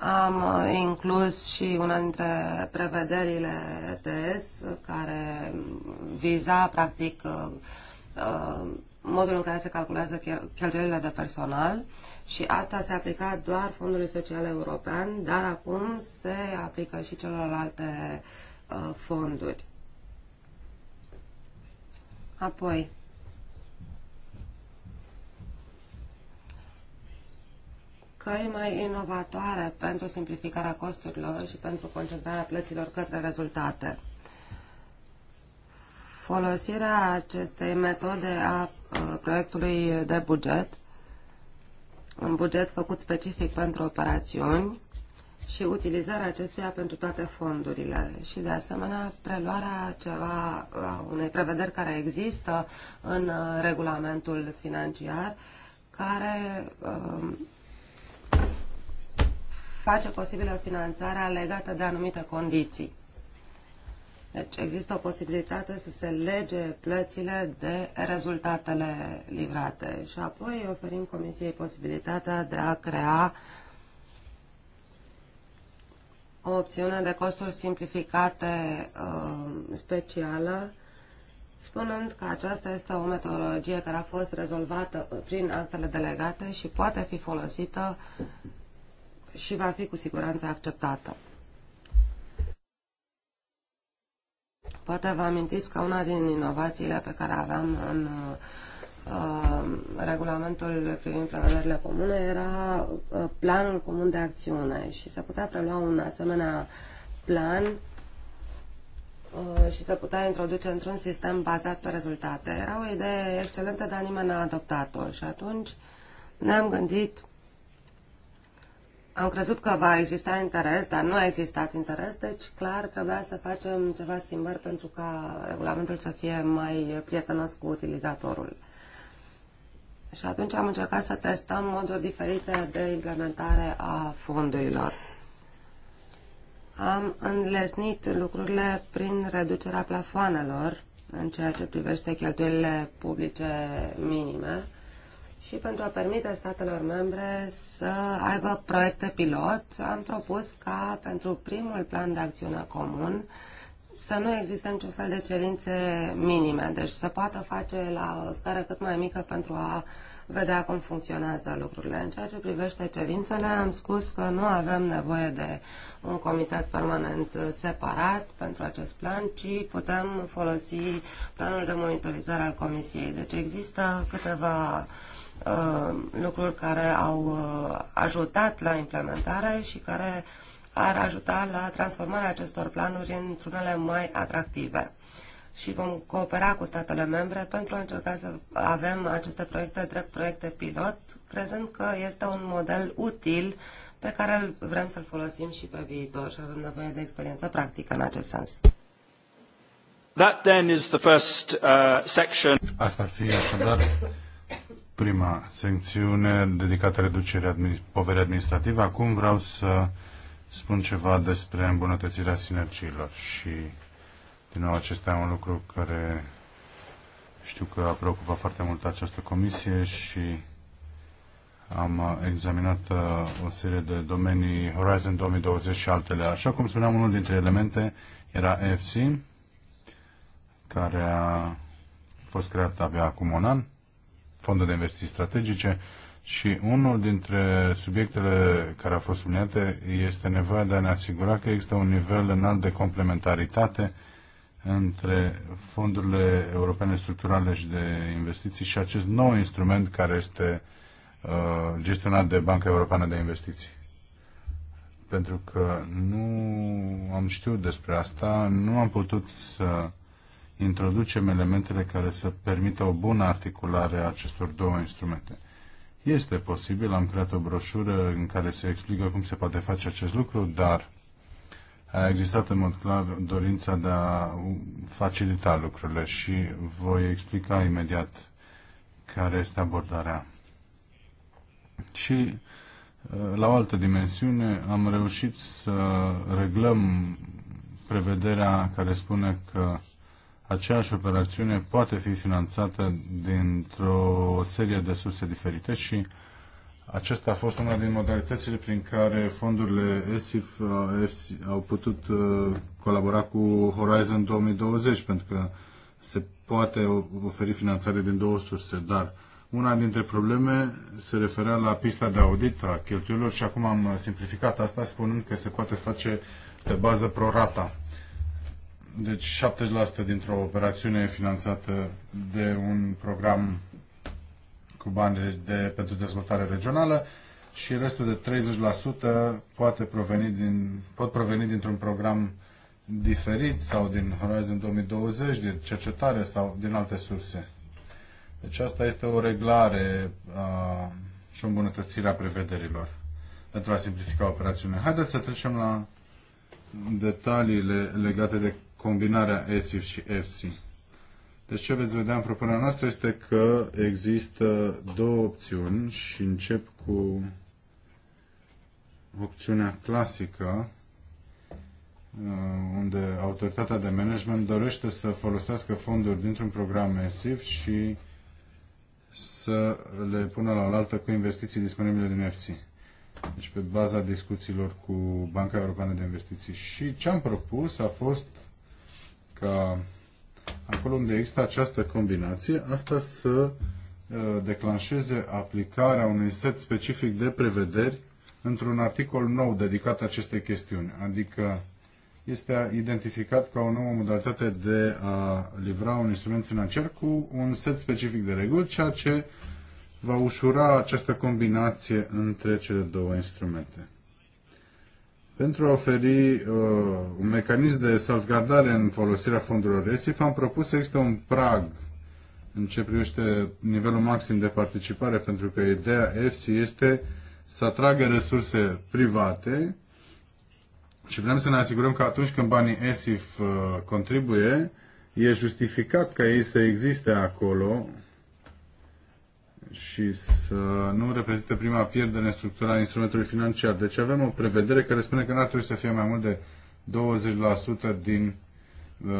D: Am uh, inclus și una dintre prevederile ETS care viza practic uh, modul în care se calculează cheltuielile de personal și asta se aplica doar Fondului Social European, dar acum se aplică și celorlalte uh, fonduri. Apoi, căi mai inovatoare pentru simplificarea costurilor și pentru concentrarea plăților către rezultate. Folosirea acestei metode a Uh, proiectului de buget, un buget făcut specific pentru operațiuni și utilizarea acestuia pentru toate fondurile și, de asemenea, preluarea ceva, uh, unei prevederi care există în uh, regulamentul financiar, care um, face posibilă finanțarea legată de anumite condiții. Deci există o posibilitate să se lege plățile de rezultatele livrate și apoi oferim Comisiei posibilitatea de a crea o opțiune de costuri simplificate uh, specială, spunând că aceasta este o metodologie care a fost rezolvată prin actele delegate și poate fi folosită și va fi cu siguranță acceptată. Poate vă amintiți că una din inovațiile pe care aveam în uh, uh, regulamentul privind prevederile comune era uh, planul comun de acțiune și se putea prelua un asemenea plan uh, și se putea introduce într-un sistem bazat pe rezultate. Era o idee excelentă, dar nimeni n-a adoptat-o și atunci ne-am gândit am crezut că va exista interes, dar nu a existat interes, deci clar trebuia să facem ceva schimbări pentru ca regulamentul să fie mai prietenos cu utilizatorul. Și atunci am încercat să testăm moduri diferite de implementare a fondurilor. Am înlesnit lucrurile prin reducerea plafoanelor în ceea ce privește cheltuielile publice minime și pentru a permite statelor membre să aibă proiecte pilot, am propus ca pentru primul plan de acțiune comun să nu existe niciun fel de cerințe minime, deci să poată face la o scară cât mai mică pentru a vedea cum funcționează lucrurile. În ceea ce privește cerințele, am spus că nu avem nevoie de un comitet permanent separat pentru acest plan, ci putem folosi planul de monitorizare al Comisiei. Deci există câteva uh, Uh, lucruri care au uh, ajutat la implementare și care ar ajuta la transformarea acestor planuri într-unele mai atractive. Și vom coopera cu statele membre pentru a încerca să avem aceste proiecte drept proiecte pilot, crezând că este un model util pe care vrem să-l folosim și pe viitor și avem nevoie de experiență practică în acest sens.
A: That then is the first, uh, section. Asta ar fi așadar
B: prima secțiune dedicată reducerii poverii administrative. Acum vreau să spun ceva despre îmbunătățirea sinergiilor și, din nou, acesta e un lucru care știu că a preocupat foarte mult această comisie și am examinat uh, o serie de domenii Horizon 2020 și altele. Așa cum spuneam, unul dintre elemente era EFSI, care a fost creat abia acum un an fondul de investiții strategice și unul dintre subiectele care a fost subliniate este nevoia de a ne asigura că există un nivel înalt de complementaritate între fondurile europene structurale și de investiții și acest nou instrument care este uh, gestionat de Banca Europeană de Investiții. Pentru că nu am știut despre asta, nu am putut să introducem elementele care să permită o bună articulare a acestor două instrumente. Este posibil, am creat o broșură în care se explică cum se poate face acest lucru, dar a existat în mod clar dorința de a facilita lucrurile și voi explica imediat care este abordarea. Și uh, la o altă dimensiune am reușit să reglăm prevederea care spune că aceeași operațiune poate fi finanțată dintr-o serie de surse diferite și acesta a fost una din modalitățile prin care fondurile ESIF au putut uh, colabora cu Horizon 2020, pentru că se poate oferi finanțare din două surse, dar una dintre probleme se referea la pista de audit a cheltuielor și acum am simplificat asta spunând că se poate face pe bază prorata. Deci 70% dintr-o operațiune finanțată de un program cu bani de, pentru dezvoltare regională și restul de 30% poate proveni din, pot proveni dintr-un program diferit sau din Horizon 2020, din cercetare sau din alte surse. Deci asta este o reglare a, și o îmbunătățire a prevederilor pentru a simplifica operațiunea. Haideți să trecem la detaliile legate de combinarea ESIF și EFSI. Deci ce veți vedea în propunerea noastră este că există două opțiuni și încep cu opțiunea clasică uh, unde autoritatea de management dorește să folosească fonduri dintr-un program ESIF și să le pună la oaltă cu investiții disponibile din EFSI. Deci pe baza discuțiilor cu Banca Europeană de Investiții. Și ce am propus a fost ca acolo unde există această combinație, asta să uh, declanșeze aplicarea unui set specific de prevederi într-un articol nou dedicat acestei chestiuni. Adică este identificat ca o nouă modalitate de a livra un instrument financiar cu un set specific de reguli, ceea ce va ușura această combinație între cele două instrumente. Pentru a oferi uh, un mecanism de salvgardare în folosirea fondurilor RESIF, am propus să existe un prag în ce privește nivelul maxim de participare, pentru că ideea EFSI este să atragă resurse private și vrem să ne asigurăm că atunci când banii ESIF uh, contribuie, e justificat ca ei să existe acolo și să nu reprezintă prima pierdere în structura instrumentului financiar. Deci avem o prevedere care spune că n-ar trebui să fie mai mult de 20% din uh,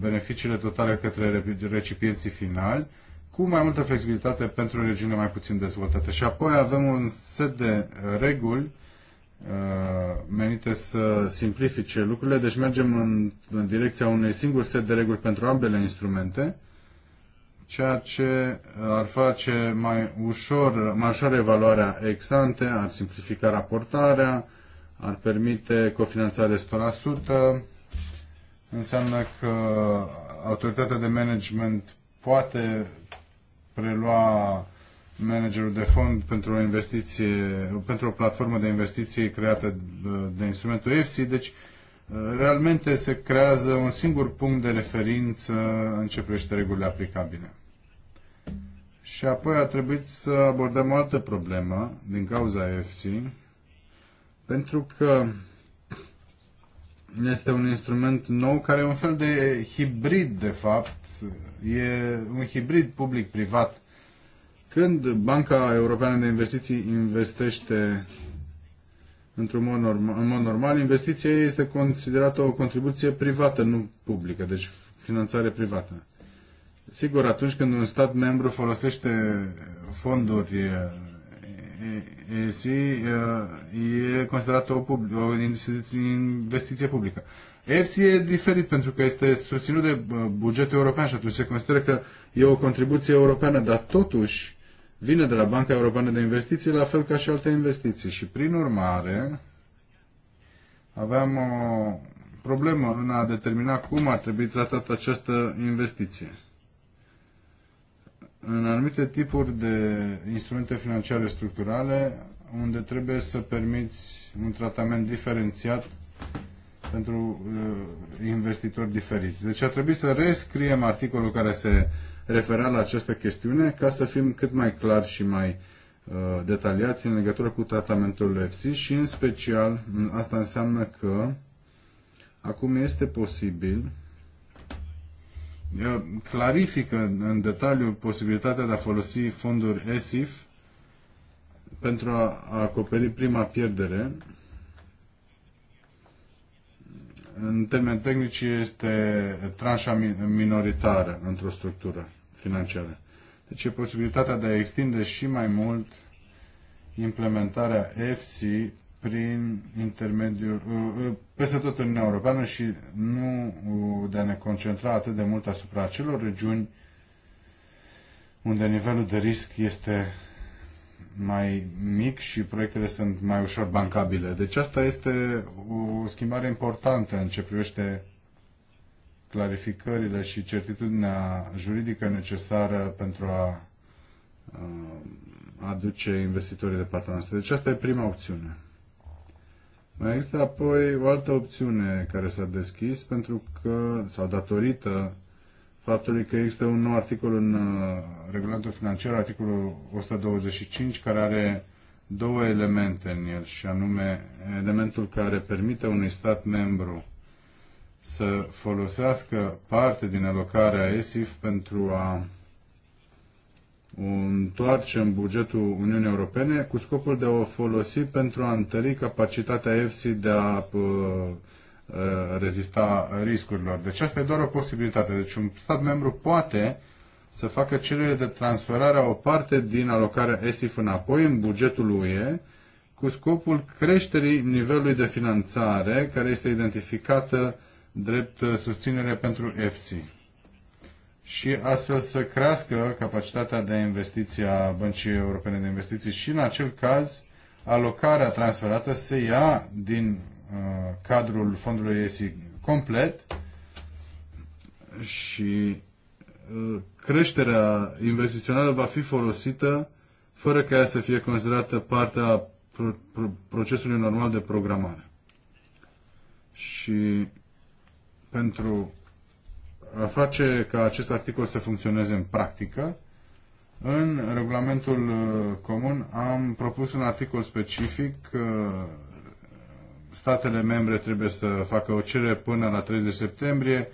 B: beneficiile totale către recipienții finali, cu mai multă flexibilitate pentru regiunile mai puțin dezvoltate. Și apoi avem un set de reguli uh, menite să simplifice lucrurile, deci mergem în, în direcția unui singur set de reguli pentru ambele instrumente, ceea ce ar face mai ușor, mai ușor evaluarea ex ante, ar simplifica raportarea, ar permite cofinanțare 100%, înseamnă că autoritatea de management poate prelua managerul de fond pentru o investiție, pentru o platformă de investiții creată uh, de instrumentul EFSI, deci uh, realmente se creează un singur punct de referință în ce privește regulile aplicabile. Și apoi a trebuit să abordăm o altă problemă din cauza EFC, pentru că este un instrument nou care e un fel de hibrid, de fapt. E un hibrid public-privat. Când Banca Europeană de Investiții investește într-un mod normal, în mod normal, investiția este considerată o contribuție privată, nu publică, deci finanțare privată. Sigur, atunci când un stat membru folosește fonduri ESI, e considerată o, o investiție publică. ESI e diferit pentru că este susținut de bugetul european și atunci se consideră că e o contribuție europeană, dar totuși vine de la Banca Europeană de Investiții, la fel ca și alte investiții. Și prin urmare, aveam o problemă în a determina cum ar trebui tratată această investiție în anumite tipuri de instrumente financiare structurale unde trebuie să permiți un tratament diferențiat pentru uh, investitori diferiți. Deci a trebuit să rescriem articolul care se referea la această chestiune ca să fim cât mai clar și mai uh, detaliați în legătură cu tratamentul EFSI și în special asta înseamnă că acum este posibil clarifică în detaliu posibilitatea de a folosi fonduri ESIF pentru a acoperi prima pierdere. În termeni tehnici este tranșa minoritară într-o structură financiară. Deci e posibilitatea de a extinde și mai mult implementarea EFSI prin intermediul, uh, uh, peste tot în Uniunea Europeană și nu uh, de a ne concentra atât de mult asupra acelor regiuni unde nivelul de risc este mai mic și proiectele sunt mai ușor bancabile. Deci asta este o schimbare importantă în ce privește clarificările și certitudinea juridică necesară pentru a aduce investitorii de partea noastră. Deci asta e prima opțiune. Mai există apoi o altă opțiune care s-a deschis pentru că, sau datorită faptului că există un nou articol în uh, regulamentul financiar, articolul 125, care are două elemente în el, și anume elementul care permite unui stat membru să folosească parte din alocarea ESIF pentru a întoarcem bugetul Uniunii Europene cu scopul de a o folosi pentru a întări capacitatea EFSI de a uh, uh, rezista riscurilor. Deci asta e doar o posibilitate. Deci un stat membru poate să facă cerere de transferare a o parte din alocarea ESIF înapoi în bugetul UE cu scopul creșterii nivelului de finanțare care este identificată drept uh, susținere pentru EFSI și astfel să crească capacitatea de investiție a Băncii Europene de Investiții și în acel caz alocarea transferată se ia din uh, cadrul fondului ESI complet și uh, creșterea investițională va fi folosită fără ca ea să fie considerată partea pro- pro- procesului normal de programare. Și pentru a face ca acest articol să funcționeze în practică, în regulamentul uh, comun am propus un articol specific că uh, statele membre trebuie să facă o cerere până la 30 septembrie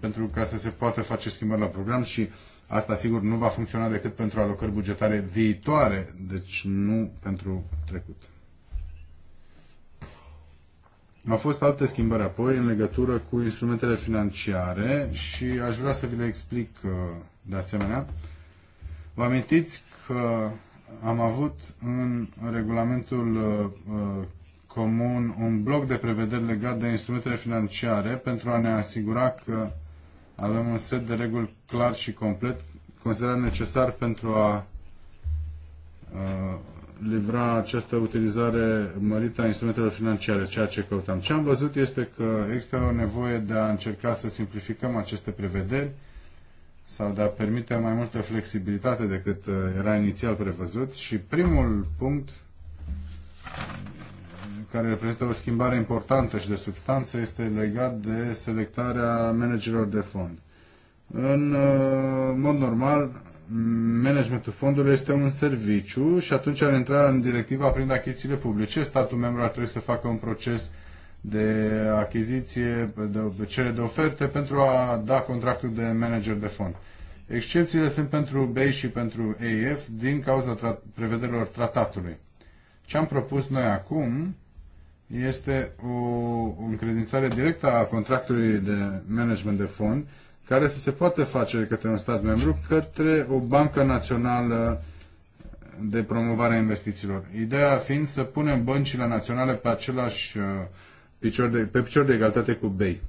B: pentru ca să se poată face schimbări la program și asta sigur nu va funcționa decât pentru alocări bugetare viitoare, deci nu pentru trecut. Au fost alte schimbări apoi în legătură cu instrumentele financiare și aș vrea să vi le explic uh, de asemenea. Vă amintiți că am avut în regulamentul uh, uh, comun un bloc de prevederi legat de instrumentele financiare pentru a ne asigura că avem un set de reguli clar și complet considerat necesar pentru a livra această utilizare mărită a instrumentelor financiare, ceea ce căutam. Ce am văzut este că există o nevoie de a încerca să simplificăm aceste prevederi sau de a permite mai multă flexibilitate decât uh, era inițial prevăzut și primul punct care reprezintă o schimbare importantă și de substanță este legat de selectarea managerilor de fond. În uh, mod normal, managementul fondurilor este un serviciu și atunci ar intra în directiva prin achizițiile publice. Statul membru ar trebui să facă un proces de achiziție, de cere de oferte pentru a da contractul de manager de fond. Excepțiile sunt pentru BEI și pentru AF din cauza tra- prevederilor tratatului. Ce am propus noi acum este o încredințare directă a contractului de management de fond care să se poată face de către un stat membru către o bancă națională de promovare a investițiilor. Ideea fiind să punem băncile naționale pe același uh, picior de, pe picior de egalitate cu BEI.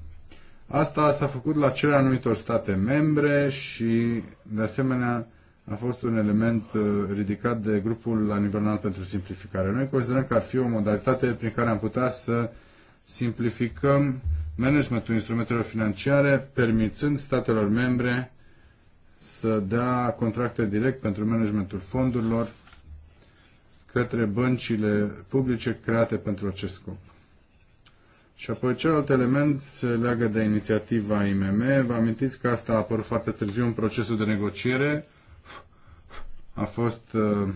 B: Asta s-a făcut la cele anumitor state membre și, de asemenea, a fost un element uh, ridicat de grupul la nivel înalt pentru simplificare. Noi considerăm că ar fi o modalitate prin care am putea să simplificăm managementul instrumentelor financiare, permițând statelor membre să dea contracte direct pentru managementul fondurilor către băncile publice create pentru acest scop. Și apoi celălalt element se leagă de inițiativa IMM. Vă amintiți că asta a apărut foarte târziu în procesul de negociere. A fost uh,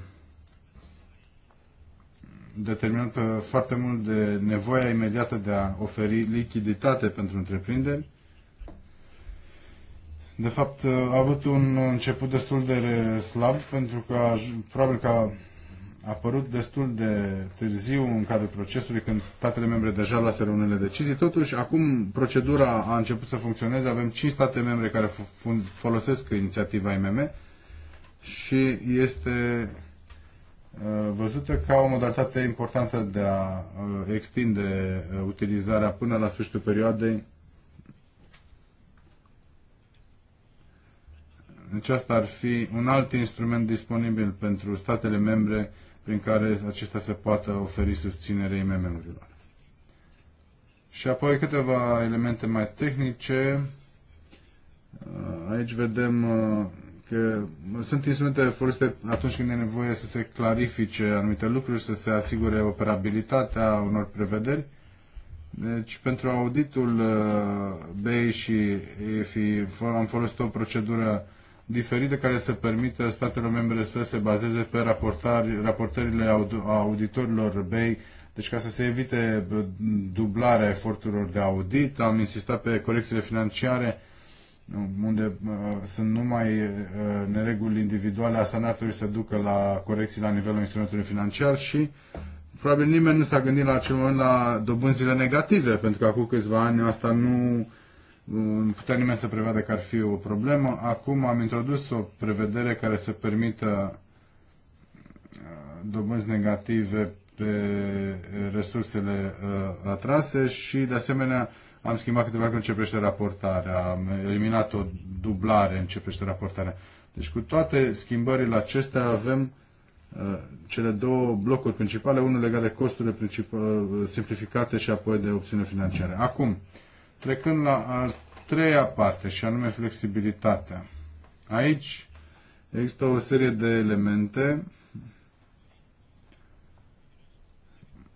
B: determinată foarte mult de nevoia imediată de a oferi lichiditate pentru întreprinderi. De fapt, a avut un început destul de slab, pentru că probabil că a apărut destul de târziu în cadrul procesului, când statele membre deja luaseră unele decizii. Totuși, acum procedura a început să funcționeze, avem 5 state membre care folosesc inițiativa IMM și este Uh, văzută ca o modalitate importantă de a uh, extinde uh, utilizarea până la sfârșitul perioadei. Aceasta deci ar fi un alt instrument disponibil pentru statele membre prin care acesta se poată oferi susținere IMM-urilor. Și apoi câteva elemente mai tehnice. Aici vedem că sunt instrumente folosite atunci când e nevoie să se clarifice anumite lucruri, să se asigure operabilitatea unor prevederi. Deci pentru auditul uh, BEI și EFI am folosit o procedură diferită care să permită statelor membre să se bazeze pe raportările auditorilor BEI deci ca să se evite uh, dublarea eforturilor de audit, am insistat pe corecțiile financiare unde uh, sunt numai uh, nereguli individuale, asta n-ar trebui să ducă la corecții la nivelul instrumentului financiar și probabil nimeni nu s-a gândit la acel moment la dobânzile negative, pentru că acum câțiva ani asta nu uh, putea nimeni să prevadă că ar fi o problemă. Acum am introdus o prevedere care să permită uh, dobânzi negative pe resursele uh, atrase și, de asemenea, uh, am schimbat câteva lucruri în ce privește raportarea, am eliminat o dublare în ce privește raportarea. Deci cu toate schimbările acestea avem uh, cele două blocuri principale, unul legat de costurile uh, simplificate și apoi de opțiune financiare. Acum, trecând la a treia parte și anume flexibilitatea. Aici există o serie de elemente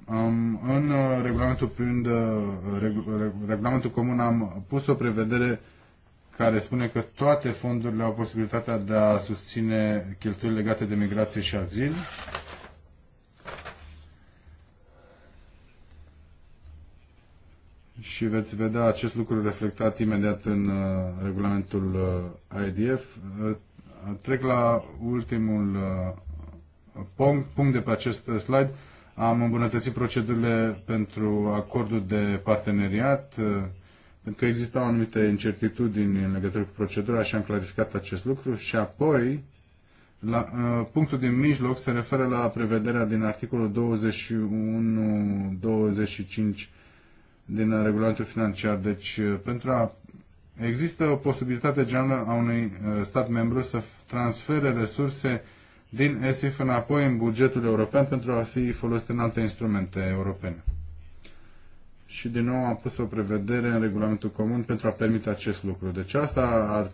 B: Um, în uh, regulamentul, prind, uh, regulamentul comun am pus o prevedere care spune că toate fondurile au posibilitatea de a susține cheltuieli legate de migrație și azil. Și veți vedea acest lucru reflectat imediat în uh, regulamentul IDF. Trec la ultimul punct de pe acest slide am îmbunătățit procedurile pentru acordul de parteneriat, eh, pentru că existau anumite incertitudini în legătură cu procedura și am clarificat acest lucru și apoi la, eh, punctul din mijloc se referă la prevederea din articolul 21-25 din regulamentul financiar. Deci, eh, pentru a există o posibilitate generală a unui stat membru să transfere resurse din ESIF înapoi în bugetul european pentru a fi folosit în alte instrumente europene. Și din nou am pus o prevedere în regulamentul comun pentru a permite acest lucru. Deci asta ar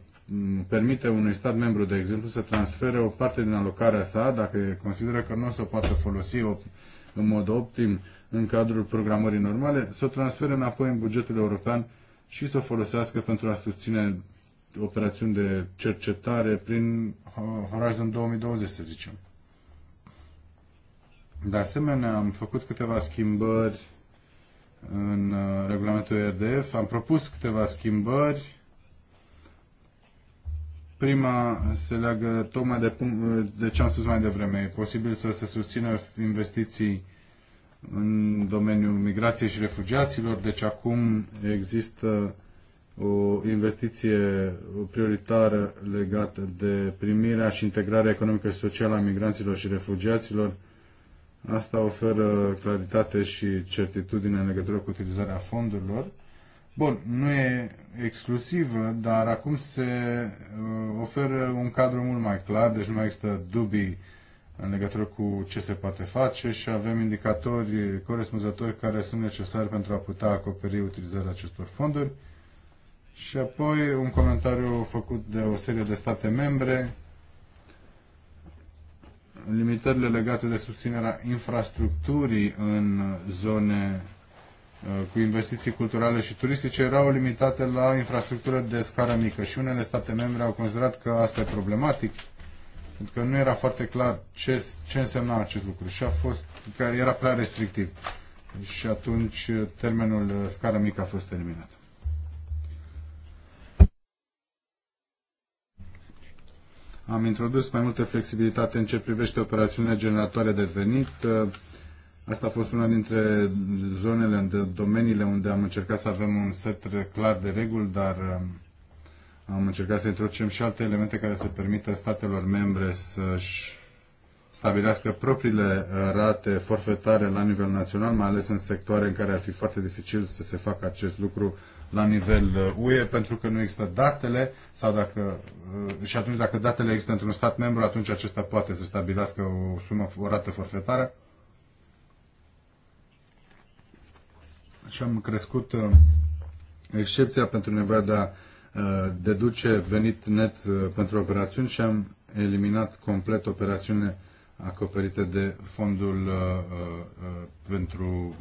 B: permite unui stat membru, de exemplu, să transfere o parte din alocarea sa, dacă consideră că nu o să o poată folosi în mod optim în cadrul programării normale, să o transfere înapoi în bugetul european și să o folosească pentru a susține operațiuni de cercetare prin Horizon 2020, să zicem. De asemenea, am făcut câteva schimbări în uh, regulamentul RDF, am propus câteva schimbări. Prima se leagă tocmai de, de ce am spus mai devreme. E posibil să se susțină investiții în domeniul migrației și refugiaților, deci acum există o investiție prioritară legată de primirea și integrarea economică și socială a migranților și refugiaților. Asta oferă claritate și certitudine în legătură cu utilizarea fondurilor. Bun, nu e exclusivă, dar acum se uh, oferă un cadru mult mai clar, deci nu mai există dubii în legătură cu ce se poate face și avem indicatori corespunzători care sunt necesari pentru a putea acoperi utilizarea acestor fonduri. Și apoi un comentariu făcut de o serie de state membre, limitările legate de susținerea infrastructurii în zone uh, cu investiții culturale și turistice erau limitate la infrastructură de scară mică și unele state membre au considerat că asta e problematic pentru că nu era foarte clar ce, ce însemna acest lucru și a fost, că era prea restrictiv și atunci uh, termenul uh, scară mică a fost eliminat. Am introdus mai multă flexibilitate în ce privește operațiunile generatoare de venit. Asta a fost una dintre zonele, domeniile unde am încercat să avem un set clar de reguli, dar um, am încercat să introducem și alte elemente care să permită statelor membre să-și stabilească propriile uh, rate forfetare la nivel național, mai ales în sectoare în care ar fi foarte dificil să se facă acest lucru la nivel UE uh, pentru că nu există datele sau dacă, uh, și atunci dacă datele există într-un stat membru, atunci acesta poate să stabilească o sumă, o rată forfetară. Și am crescut uh, excepția pentru nevoia de a deduce venit net pentru operațiuni și am eliminat complet operațiune acoperite de fondul pentru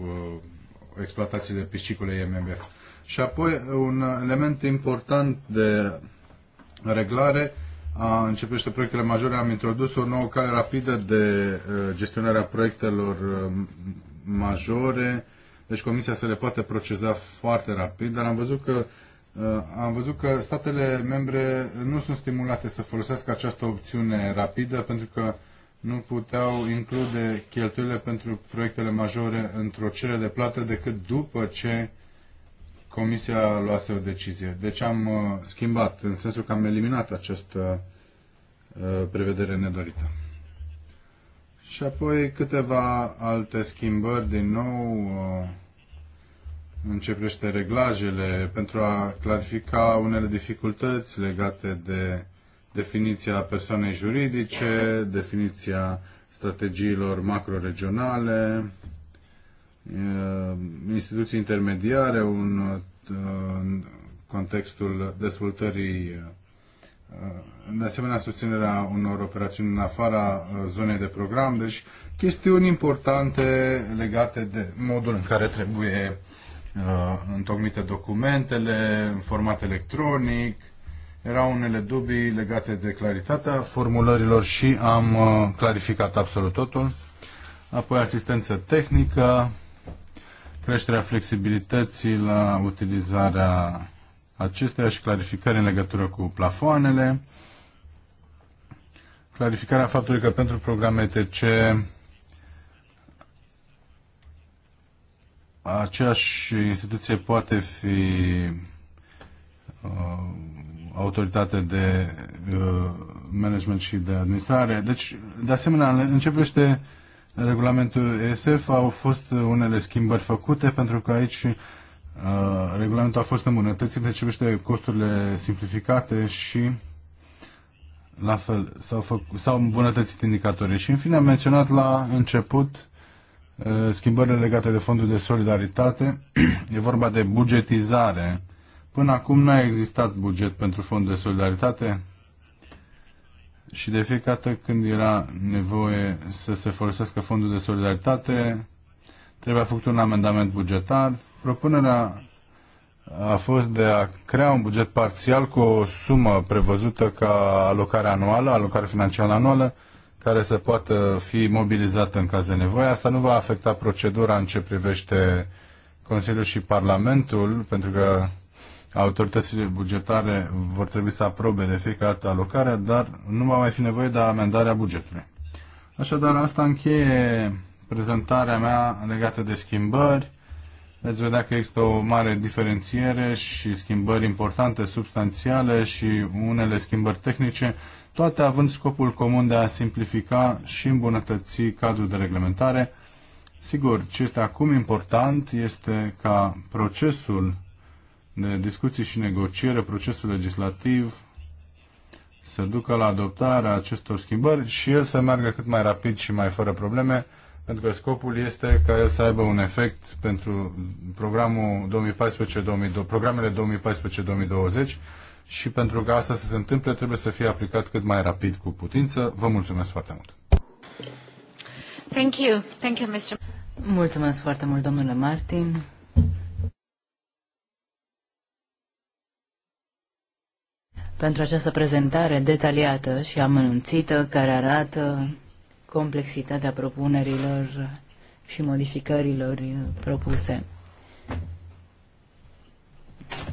B: exploatațiile piscicole MMF. Și apoi un element important de reglare a început și proiectele majore. Am introdus o nouă cale rapidă de uh, gestionare a proiectelor uh, majore, deci comisia se le poate proceza foarte rapid, dar am văzut că uh, am văzut că statele membre nu sunt stimulate să folosească această opțiune rapidă pentru că nu puteau include cheltuielile pentru proiectele majore într-o cerere de plată decât după ce Comisia luase o decizie. Deci am uh, schimbat, în sensul că am eliminat această uh, prevedere nedorită. Și apoi câteva alte schimbări, din nou, uh, începește reglajele pentru a clarifica unele dificultăți legate de definiția persoanei juridice, definiția strategiilor macroregionale, Uh, instituții intermediare, un, uh, în contextul dezvoltării, uh, de asemenea susținerea unor operațiuni în afara zonei de program, deci chestiuni importante legate de modul în care trebuie întocmite documentele în format electronic, erau unele dubii legate de claritatea formulărilor și am clarificat absolut totul. Apoi asistență tehnică, creșterea flexibilității la utilizarea acesteia și clarificări în legătură cu plafoanele, clarificarea faptului că pentru programe TC aceeași instituție poate fi uh, autoritate de uh, management și de administrare. Deci, de asemenea, începește regulamentul ESF au fost unele schimbări făcute pentru că aici uh, regulamentul a fost îmbunătățit de deci ce privește costurile simplificate și la fel s-au, s-au îmbunătățit indicatorii. Și în fine am menționat la început uh, schimbările legate de fondul de solidaritate. *clears throat* e vorba de bugetizare. Până acum n-a existat buget pentru fondul de solidaritate și de fiecare dată când era nevoie să se folosească fondul de solidaritate, trebuia făcut un amendament bugetar. Propunerea a fost de a crea un buget parțial cu o sumă prevăzută ca alocare anuală, alocare financiară anuală, care să poată fi mobilizată în caz de nevoie. Asta nu va afecta procedura în ce privește Consiliul și Parlamentul, pentru că autoritățile bugetare vor trebui să aprobe de fiecare dată alocarea, dar nu va mai fi nevoie de amendarea bugetului. Așadar, asta încheie prezentarea mea legată de schimbări. Veți vedea că există o mare diferențiere și schimbări importante, substanțiale și unele schimbări tehnice, toate având scopul comun de a simplifica și îmbunătăți cadrul de reglementare. Sigur, ce este acum important este ca procesul de discuții și negociere procesul legislativ să ducă la adoptarea acestor schimbări și el să meargă cât mai rapid și mai fără probleme, pentru că scopul este ca el să aibă un efect pentru programul 2014 -2020, programele 2014-2020 și pentru că asta să se întâmple trebuie să fie aplicat cât mai rapid cu putință. Vă mulțumesc foarte mult!
C: Thank you. Thank you, Mr. Mulțumesc foarte mult, domnule Martin. pentru această prezentare detaliată și amănunțită care arată complexitatea propunerilor și modificărilor propuse.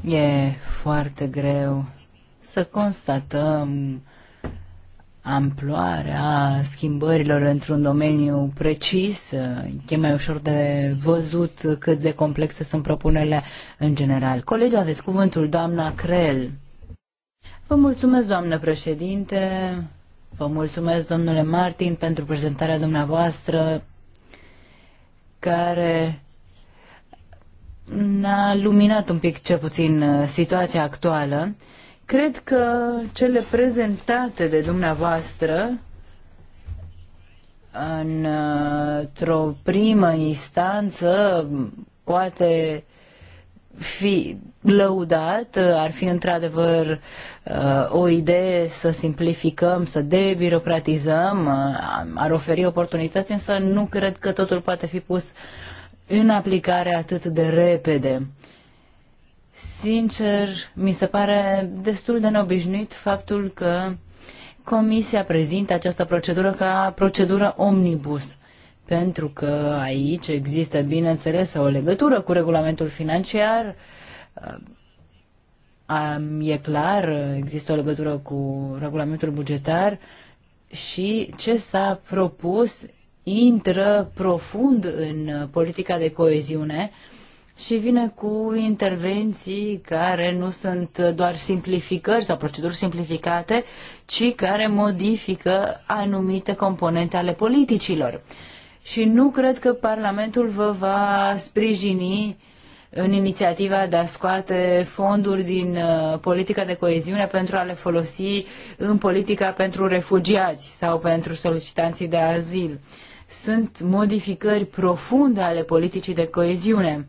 C: E foarte greu să constatăm amploarea schimbărilor într-un domeniu precis. E mai ușor de văzut cât de complexe sunt propunerile în general. Colegi, aveți cuvântul, doamna Crel. Vă mulțumesc, doamnă președinte. Vă mulțumesc, domnule Martin, pentru prezentarea dumneavoastră care ne-a luminat un pic, cel puțin, uh, situația actuală. Cred că cele prezentate de dumneavoastră uh, într-o primă instanță poate fi lăudat, ar fi într-adevăr uh, o idee să simplificăm, să debirocratizăm, uh, ar oferi oportunități, însă nu cred că totul poate fi pus în aplicare atât de repede. Sincer, mi se pare destul de neobișnuit faptul că Comisia prezintă această procedură ca procedură omnibus pentru că aici există, bineînțeles, o legătură cu regulamentul financiar. E clar, există o legătură cu regulamentul bugetar și ce s-a propus intră profund în politica de coeziune și vine cu intervenții care nu sunt doar simplificări sau proceduri simplificate, ci care modifică anumite componente ale politicilor și nu cred că Parlamentul vă va sprijini în inițiativa de a scoate fonduri din uh, politica de coeziune pentru a le folosi în politica pentru refugiați sau pentru solicitanții de azil. Sunt modificări profunde ale politicii de coeziune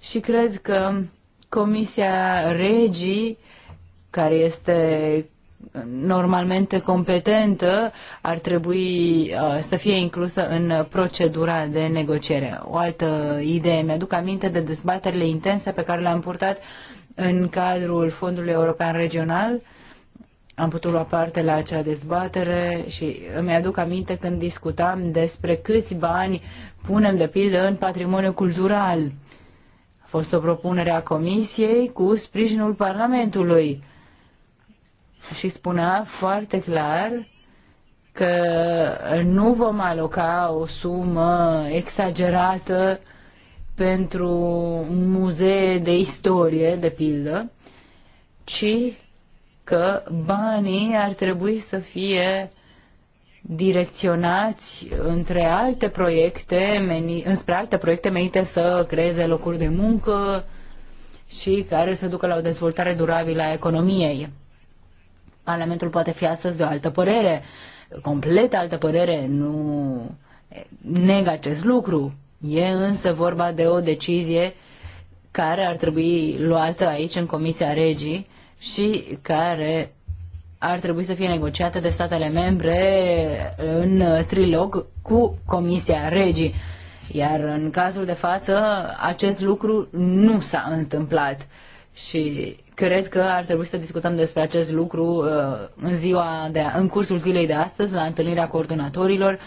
C: și cred că Comisia Regii, care este normalmente competentă ar trebui uh, să fie inclusă în procedura de negociere. O altă idee, mi-aduc aminte de dezbaterile intense pe care le-am purtat în cadrul Fondului European Regional. Am putut lua parte la acea dezbatere și îmi aduc aminte când discutam despre câți bani punem de pildă în patrimoniu cultural. A fost o propunere a Comisiei cu sprijinul Parlamentului și spunea foarte clar că nu vom aloca o sumă exagerată pentru muzee de istorie, de pildă, ci că banii ar trebui să fie direcționați între alte proiecte, meni, înspre alte proiecte menite să creeze locuri de muncă și care să ducă la o dezvoltare durabilă a economiei. Parlamentul poate fi astăzi de o altă părere, complet altă părere, nu neg acest lucru. E însă vorba de o decizie care ar trebui luată aici în Comisia Regii și care ar trebui să fie negociată de statele membre în trilog cu Comisia Regii. Iar în cazul de față, acest lucru nu s-a întâmplat. Și Cred că ar trebui să discutăm despre acest lucru uh, în, ziua de, în cursul zilei de astăzi, la întâlnirea coordonatorilor.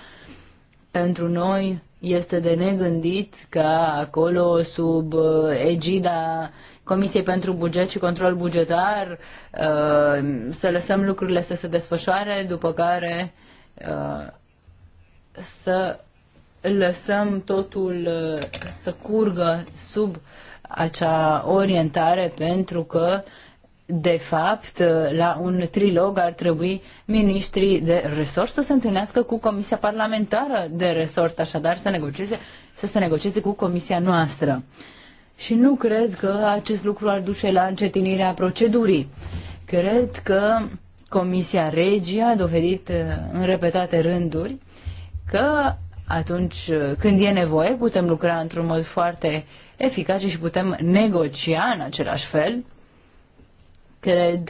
C: Pentru noi este de negândit că acolo, sub uh, egida Comisiei pentru Buget și Control Bugetar, uh, să lăsăm lucrurile să se desfășoare, după care să lăsăm totul să curgă sub uh, acea orientare pentru că de fapt, la un trilog ar trebui ministrii de resort să se întâlnească cu Comisia Parlamentară de Resort, așadar să, negocieze, să se negocieze cu Comisia noastră. Și nu cred că acest lucru ar duce la încetinirea procedurii. Cred că Comisia Regia a dovedit uh, în repetate rânduri că atunci uh, când e nevoie putem lucra într-un mod foarte eficace și putem negocia în același fel, cred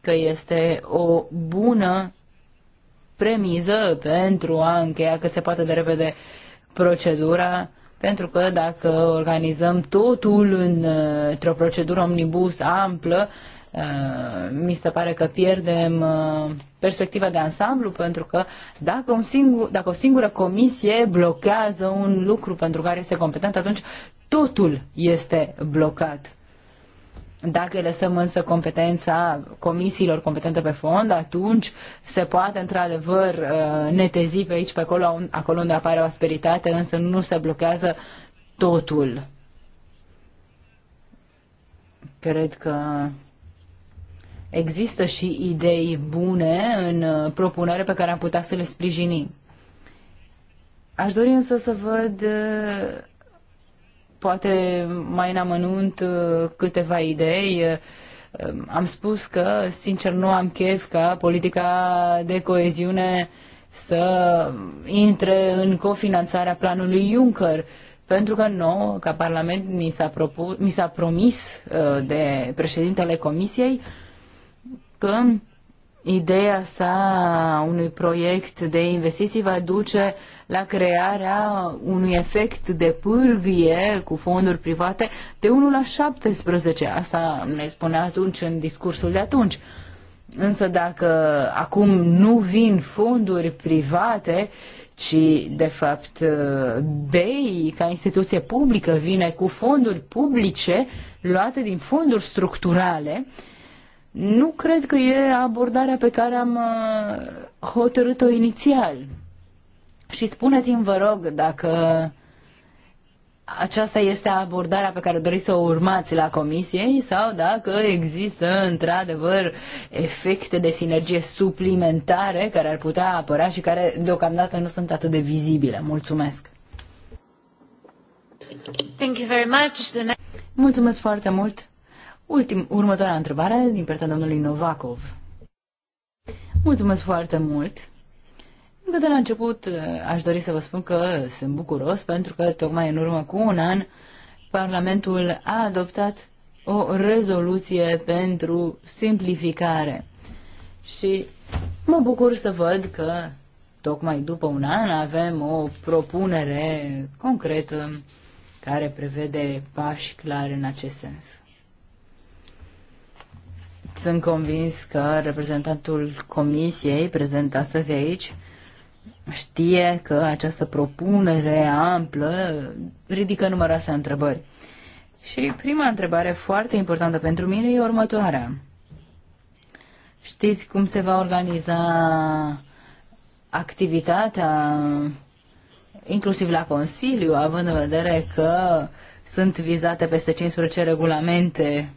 C: că este o bună premiză pentru a încheia cât se poate de repede procedura, pentru că dacă organizăm totul într-o procedură omnibus amplă, Uh, mi se pare că pierdem uh, perspectiva de ansamblu pentru că dacă, un singur, dacă o singură comisie blochează un lucru pentru care este competent, atunci totul este blocat. Dacă lăsăm însă competența comisiilor competente pe fond, atunci se poate într-adevăr uh, netezi pe aici, pe acolo, acolo unde apare o asperitate, însă nu se blochează totul. Cred că există și idei bune în uh, propunere pe care am putea să le sprijinim. Aș dori însă să văd uh, poate mai în amănunt uh, câteva idei. Um, am spus că, sincer, nu am chef ca politica de coeziune să intre în cofinanțarea planului Juncker, pentru că nouă, ca Parlament, mi s-a, promis de președintele Comisiei că ideea sa unui proiect de investiții va duce la crearea unui efect de pârghie cu fonduri private de 1 la 17. Asta ne spunea atunci în discursul de atunci. Însă dacă acum nu vin fonduri private, ci de fapt BEI ca instituție publică vine cu fonduri publice luate din fonduri structurale, uh, nu cred că e abordarea pe care am uh, hotărât-o inițial. Și spuneți-mi, vă rog, dacă aceasta este abordarea pe care doriți să o urmați la comisie sau dacă există într-adevăr efecte de sinergie suplimentare care ar putea apărea și care deocamdată nu sunt atât de vizibile. Mulțumesc!
A: Thank you very much.
C: Mulțumesc foarte mult! Ultim, următoarea întrebare din partea domnului Novakov. Mulțumesc foarte mult! Încă de la început eh, aș dori să vă spun că sunt bucuros pentru că tocmai în urmă cu un an Parlamentul a adoptat o rezoluție pentru simplificare. Și mă bucur să văd că tocmai după un an avem o propunere concretă care prevede pași clare în acest sens. Sunt convins că reprezentantul comisiei prezent astăzi aici știe că această propunere amplă ridică numeroase întrebări. Și prima întrebare foarte importantă pentru mine e următoarea. Știți cum se va organiza activitatea inclusiv la Consiliu, având în vedere că sunt vizate peste 15 regulamente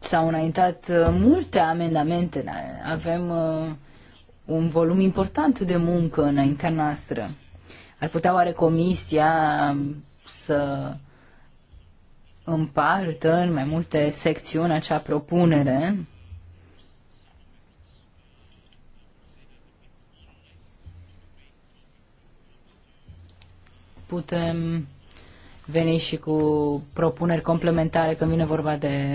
C: s-au înaintat uh, multe amendamente. Avem uh, un volum important de muncă înaintea noastră. Ar putea oare comisia să împartă în mai multe secțiuni acea propunere? Putem veni și cu propuneri complementare când vine vorba de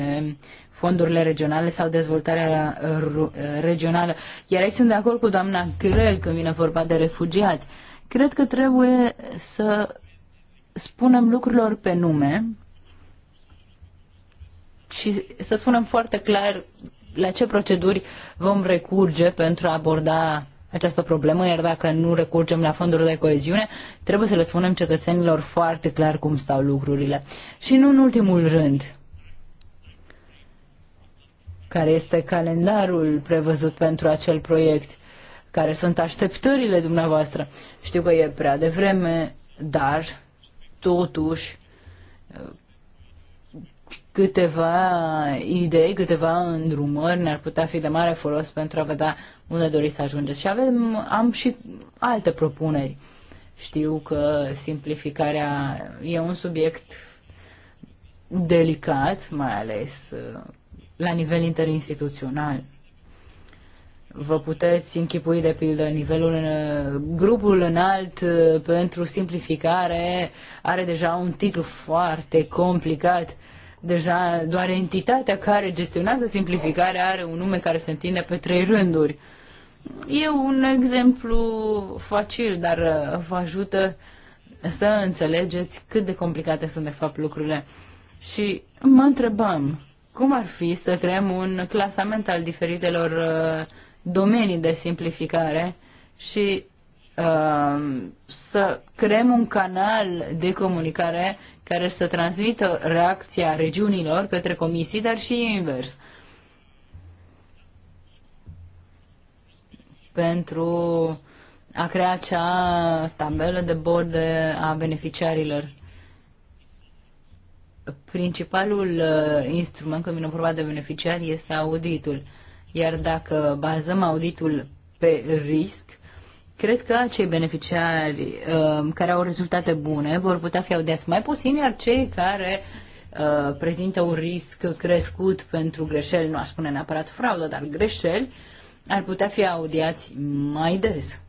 C: fondurile regionale sau dezvoltarea uh, uh, regională. Iar aici sunt de acord cu doamna Crel când vine vorba de refugiați. Cred că trebuie să spunem lucrurilor pe nume și să spunem foarte clar la ce proceduri vom recurge pentru a aborda această problemă, iar dacă nu recurgem la fonduri de coeziune, trebuie să le spunem cetățenilor foarte clar cum stau lucrurile. Și nu în ultimul rând, care este calendarul prevăzut pentru acel proiect, care sunt așteptările dumneavoastră. Știu că e prea devreme, dar totuși câteva idei, câteva îndrumări ne-ar putea fi de mare folos pentru a vedea unde doriți să ajungeți. Și avem, am și alte propuneri. Știu că simplificarea e un subiect delicat, mai ales la nivel interinstituțional. Vă puteți închipui, de pildă, nivelul în, grupul înalt uh, pentru simplificare are deja un titlu foarte complicat. Deja doar entitatea care gestionează simplificarea are un nume care se întinde pe trei rânduri. E un exemplu facil, dar uh, vă ajută să înțelegeți cât de complicate sunt de fapt lucrurile. Și mă întrebam, cum ar fi să creăm un clasament al diferitelor uh, domenii de simplificare și uh, să creăm un canal de comunicare care să transmită reacția regiunilor către comisii, dar și invers. Pentru a crea acea tabelă de bord a beneficiarilor principalul uh, instrument când vine vorba de beneficiari este auditul. Iar dacă bazăm auditul pe risc, cred că acei beneficiari uh, care au rezultate bune vor putea fi audiați mai puțin, iar cei care uh, prezintă un risc crescut pentru greșeli, nu aș spune neapărat fraudă, dar greșeli, ar putea fi audiați mai des.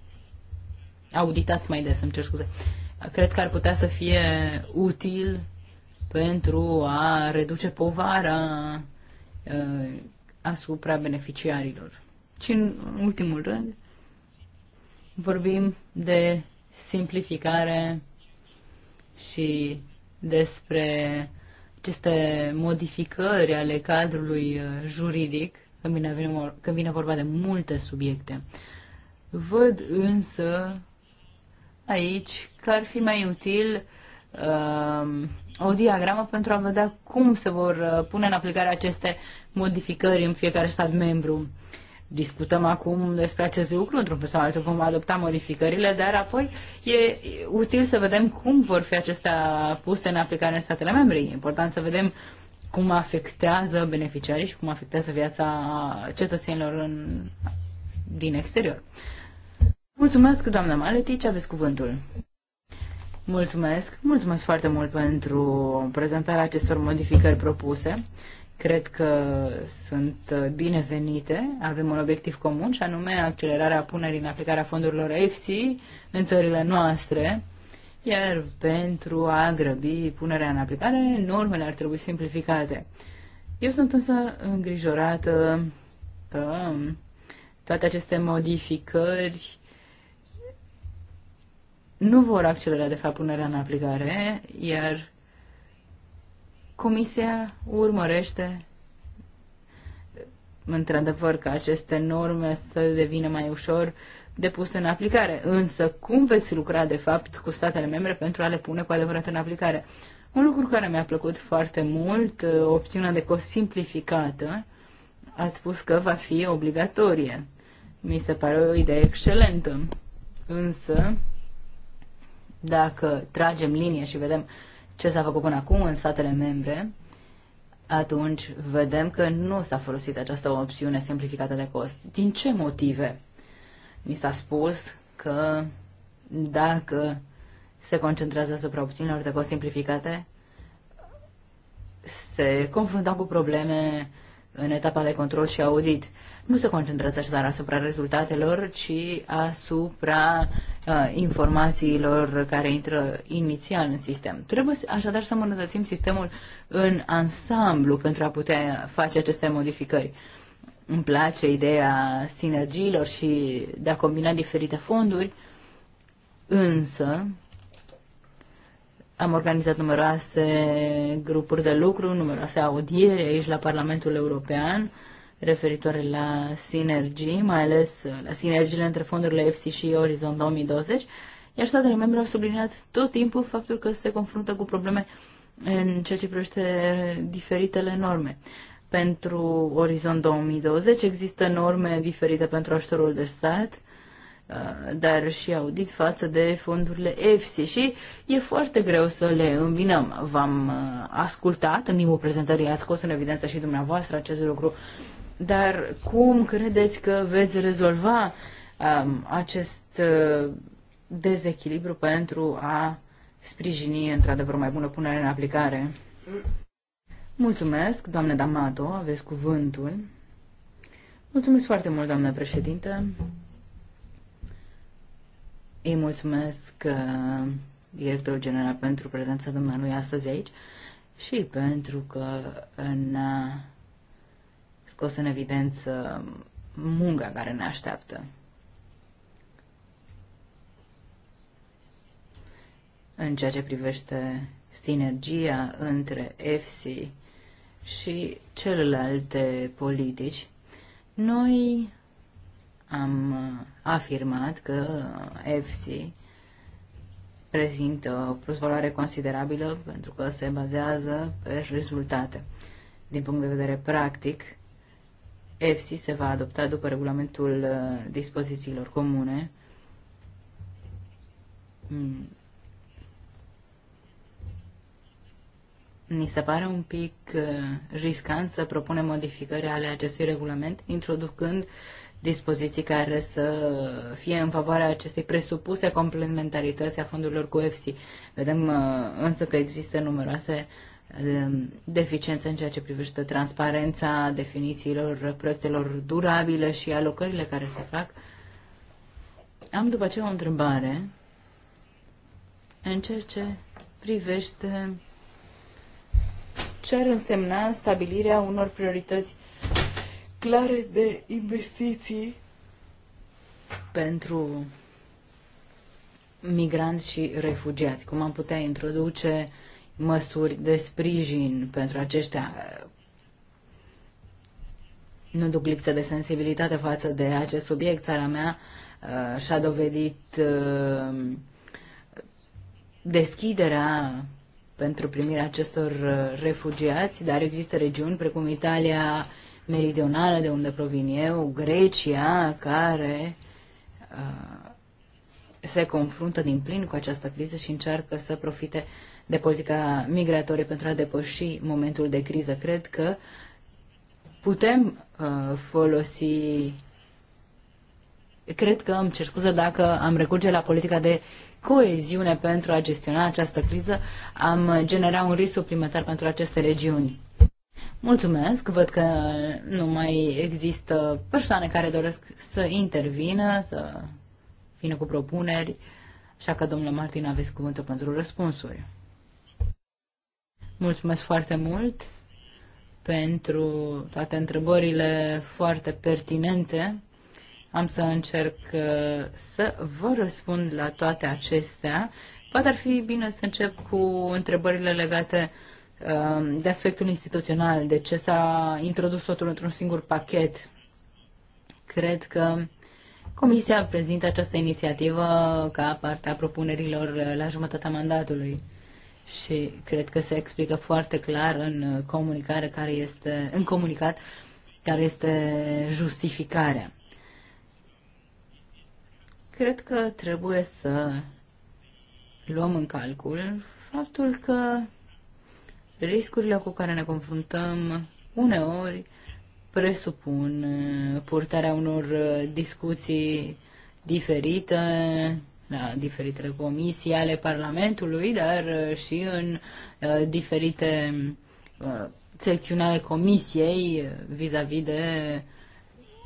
C: Auditați mai des, îmi cer scuze. Cred că ar putea să fie util pentru a reduce povara uh, asupra beneficiarilor. Și în ultimul rând, vorbim de simplificare și despre aceste modificări ale cadrului uh, juridic, când vine, când vine vorba de multe subiecte. Văd însă aici că ar fi mai util uh, o diagramă pentru a vedea cum se vor uh, pune în aplicare aceste modificări în fiecare stat membru. Discutăm acum despre acest lucru, într-un fel sau altul vom adopta modificările, dar apoi e util să vedem cum vor fi acestea puse în aplicare în statele membre. E important să vedem cum afectează beneficiarii și cum afectează viața cetățenilor în, din exterior. Mulțumesc, doamna Maletici, aveți cuvântul. Mulțumesc, mulțumesc foarte mult pentru prezentarea acestor modificări propuse. Cred că sunt binevenite. Avem un obiectiv comun și anume accelerarea punerii în aplicarea fondurilor EFSI în țările noastre. Iar pentru a grăbi punerea în aplicare, normele ar trebui simplificate. Eu sunt însă îngrijorată că toate aceste modificări nu vor accelera, de fapt, punerea în aplicare, iar Comisia urmărește într-adevăr ca aceste norme să devină mai ușor depuse în aplicare. Însă cum veți lucra de fapt cu statele membre pentru a le pune cu adevărat în aplicare? Un lucru care mi-a plăcut foarte mult, uh, opțiunea de cost simplificată, a spus că va fi obligatorie. Mi se pare o idee excelentă. Însă, dacă tragem linie și vedem ce s-a făcut până acum în statele membre, atunci vedem că nu s-a folosit această opțiune simplificată de cost. Din ce motive? Mi s-a spus că dacă se concentrează asupra opțiunilor de cost simplificate, se confrunta cu probleme în etapa de control și audit nu se concentrează așadar asupra rezultatelor, ci asupra uh, informațiilor care intră inițial în sistem. Trebuie așadar să îmbunătățim sistemul în ansamblu pentru a putea face aceste modificări. Îmi place ideea sinergiilor și de a combina diferite fonduri, însă am organizat numeroase grupuri de lucru, numeroase audiere aici la Parlamentul European, uh, referitoare la sinergii, mai ales la sinergiile între fondurile EFSI și Horizon 2020, iar statele membre au subliniat tot timpul faptul că se confruntă cu probleme în ceea ce privește diferitele norme. Pentru Orizon 2020 există norme diferite pentru ajutorul de stat, uh, dar și audit față de fondurile EFSI și e foarte greu să le îmbinăm. V-am uh, ascultat în timpul prezentării, a scos în evidență și dumneavoastră acest lucru. Dar cum credeți că veți rezolva um, acest uh, dezechilibru pentru a sprijini într-adevăr mai bună punere în aplicare? Mulțumesc, doamne D'Amato, aveți cuvântul. Mulțumesc foarte mult, doamnă președinte. Îi mulțumesc uh, directorul general pentru prezența dumneavoastră astăzi aici și pentru că în Uh, scos în evidență munca care ne așteaptă. În ceea ce privește sinergia între EFSI și celelalte politici, noi am afirmat că EFSI prezintă o plusvaloare considerabilă pentru că se bazează pe rezultate. Din punct de vedere practic, EFSI se va adopta după regulamentul uh, dispozițiilor comune. Hmm. Ni se pare un pic uh, riscant să propunem modificări ale acestui regulament, introducând dispoziții care să fie în favoarea acestei presupuse complementarități a fondurilor cu EFSI. Vedem uh, însă că există numeroase Um, deficiență în ceea ce privește transparența definițiilor proiectelor durabile și alocările care se fac. Am după aceea o întrebare în ceea ce privește ce ar însemna stabilirea unor priorități clare de investiții pentru migranți și refugiați. Cum am putea introduce uh, măsuri de sprijin pentru aceștia. Nu duc lipsă de sensibilitate față de acest subiect. Țara mea uh, și-a dovedit uh, deschiderea pentru primirea acestor uh, refugiați, dar există regiuni precum Italia meridională, de unde provin eu, Grecia, care uh, se confruntă din plin cu această criză și încearcă să profite uh, de politica migratorie pentru a depăși momentul de criză. Cred că putem uh, folosi. Cred că îmi cer scuză dacă am recurge la politica de coeziune pentru a gestiona această criză, am genera un risc suplimentar pentru aceste regiuni. Mulțumesc, văd că nu mai există persoane care doresc să intervină, să vină cu propuneri, așa că, domnule Martin, aveți cuvântul pentru răspunsuri. Mulțumesc foarte mult pentru toate întrebările foarte pertinente. Am să încerc uh, să vă răspund la toate acestea. Poate ar fi bine să încep cu întrebările legate um, de aspectul instituțional, de ce s-a introdus totul într-un singur pachet. Cred că Comisia prezintă această inițiativă ca parte a propunerilor la jumătatea mandatului și cred că se explică foarte clar în uh, comunicare care este, în comunicat care este justificarea. Cred că trebuie să luăm în calcul faptul că riscurile cu care ne confruntăm uneori presupun uh, purtarea unor uh, discuții diferite, la da, diferitele comisii ale Parlamentului, dar uh, și în uh, diferite uh, secțiuni ale comisiei vis-a-vis -vis de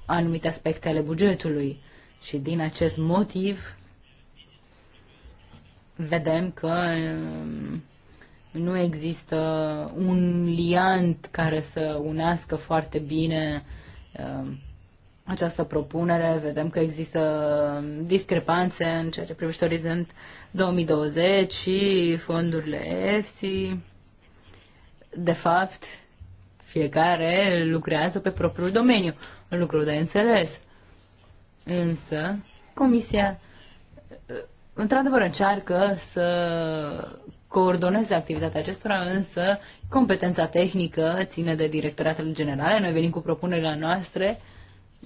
C: anumite aspecte ale bugetului. Și din acest motiv vedem că um, nu există un liant care să unească foarte bine um, această propunere, vedem că există discrepanțe în ceea ce privește Orizont 2020 și fondurile EFSI. De fapt, fiecare lucrează pe propriul domeniu, un lucru de înțeles. Însă, Comisia într-adevăr încearcă să coordoneze activitatea acestora, însă competența tehnică ține de directoratele generale. Noi venim cu propunerile noastre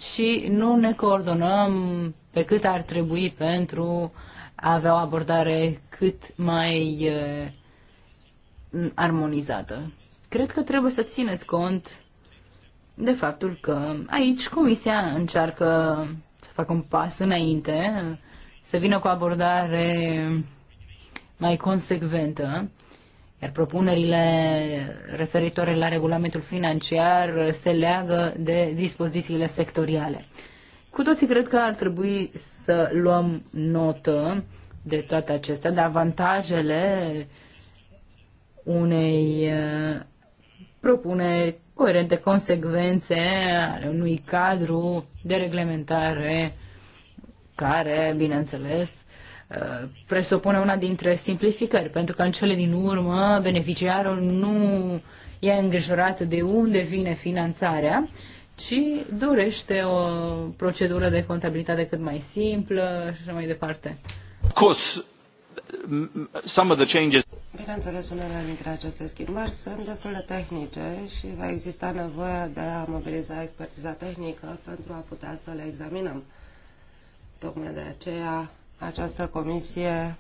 C: și nu ne coordonăm pe cât ar trebui pentru a avea o abordare cât mai eh, armonizată. Cred că trebuie să țineți cont de faptul că aici Comisia încearcă să facă un pas înainte, să vină cu o abordare mai consecventă iar propunerile referitoare la regulamentul financiar se leagă de dispozițiile sectoriale. Cu toții cred că ar trebui să luăm notă de toate acestea, de avantajele unei uh, propuneri coerente, consecvențe ale unui cadru de reglementare care, bineînțeles, presupune una dintre simplificări, pentru că în cele din urmă beneficiarul nu e îngrijorat de unde vine finanțarea, ci dorește o procedură de contabilitate cât mai
D: simplă și așa mai departe.
A: Cos, some of the changes...
D: Bineînțeles, unele dintre aceste schimbări sunt destul de tehnice și va exista nevoie de a mobiliza expertiza tehnică pentru a putea să le examinăm. Tocmai de aceea această comisie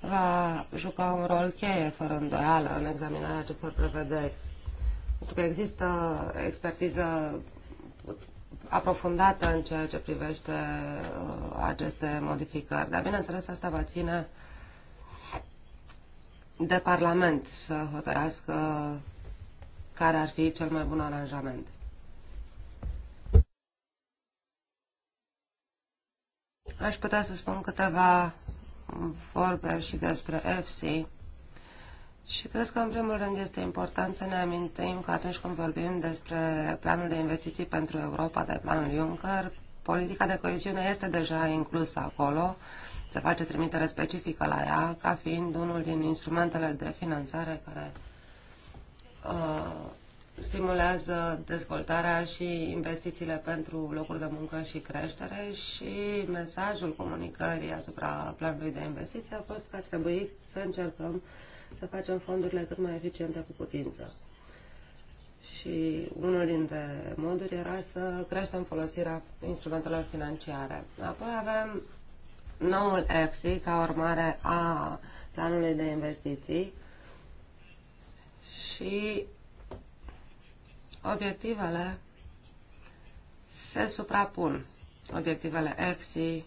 D: va juca un rol cheie, fără îndoială, în examinarea acestor prevederi. Pentru că există expertiză aprofundată în ceea ce privește uh, aceste modificări. Dar, bineînțeles, asta va ține de Parlament să hotărească care ar fi cel mai bun aranjament. Aș putea să spun câteva vorbe și despre FC. Și cred că, în primul rând, este important să ne amintim că atunci când vorbim despre planul de investiții pentru Europa, de planul Juncker, politica de coeziune este deja inclusă acolo, se face trimitere specifică la ea, ca fiind unul din instrumentele de finanțare care uh, stimulează dezvoltarea și investițiile pentru locuri de muncă și creștere și mesajul comunicării asupra planului de investiții a fost că trebuie să încercăm să facem fondurile cât mai eficiente cu putință. Și unul dintre moduri era să creștem folosirea instrumentelor financiare. Apoi avem noul EFSI ca urmare a planului de investiții și obiectivele se suprapun. Obiectivele EFSI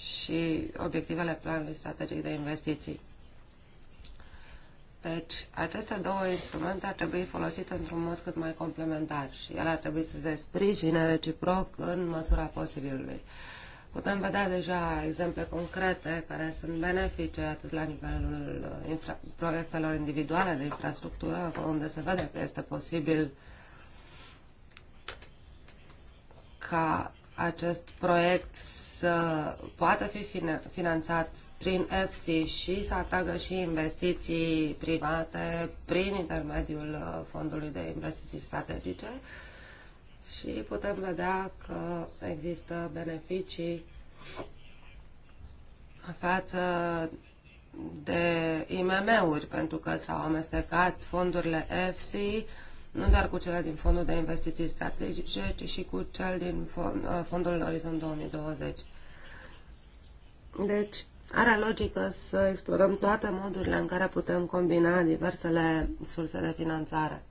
D: și obiectivele planului strategic de investiții. Deci, aceste două instrumente ar trebui folosite într-un mod cât mai complementar și ele ar trebui să se sprijine reciproc în măsura posibilului. Uh, Putem vedea deja exemple concrete care sunt benefice atât la nivelul uh, proiectelor individuale de infrastructură, acolo unde se vede că este posibil ca acest proiect să poată fi finanțat prin EFSI și să atragă și investiții private prin intermediul uh, Fondului de Investiții Strategice și putem vedea că există beneficii față de IMM-uri, pentru că s-au amestecat fondurile EFSI, nu doar cu cele din Fondul de Investiții Strategice, ci și cu cel din uh, Fondul Horizon 2020. Deci, are logică să explorăm toate modurile în care putem combina diversele surse de finanțare.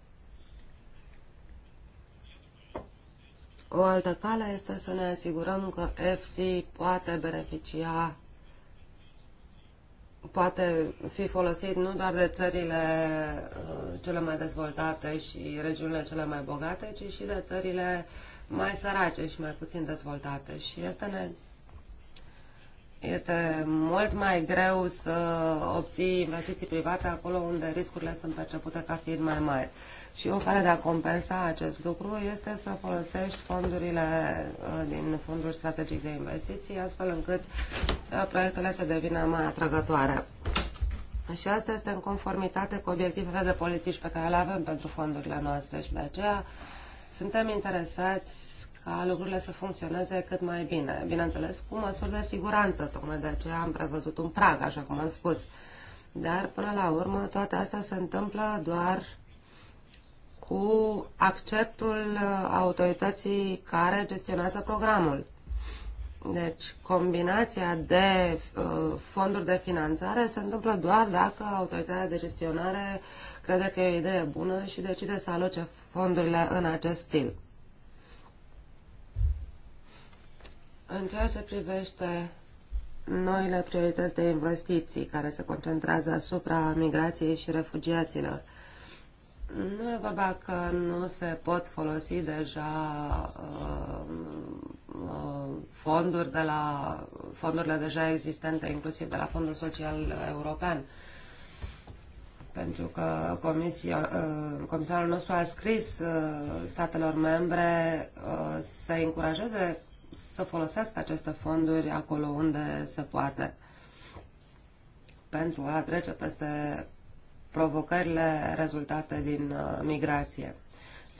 D: O altă cale este să ne asigurăm că FC poate beneficia, poate fi folosit nu doar de țările uh, cele mai dezvoltate și regiunile cele mai bogate, ci și de țările mai sărace și mai puțin dezvoltate. Și este ne este mult mai greu să obții investiții private acolo unde riscurile sunt percepute ca fiind mai mari. Și o cale de a compensa acest lucru este să folosești fondurile uh, din Fondul Strategic de Investiții, astfel încât uh, proiectele să devină mai atrăgătoare. Și asta este în conformitate cu obiectivele de politici pe care le avem pentru fondurile noastre și de aceea suntem interesați ca lucrurile să funcționeze cât mai bine. Bineînțeles, cu măsuri de siguranță, tocmai de aceea am prevăzut un prag, așa cum am spus. Dar, până la urmă, toate astea se întâmplă doar cu acceptul uh, autorității care gestionează programul. Deci, combinația de uh, fonduri de finanțare se întâmplă doar dacă autoritatea de gestionare crede că e o idee bună și decide să aloce fondurile în acest stil. În ceea ce privește noile priorități de investiții care se concentrează asupra migrației și refugiaților, uh, nu e vorba că nu se pot folosi deja uh, uh, fonduri de la fondurile deja existente, inclusiv de la Fondul Social European. Pentru că comisia, uh, comisarul nostru a scris statelor membre să încurajeze să folosească aceste fonduri acolo unde se poate pentru a trece peste provocările rezultate din uh, migrație.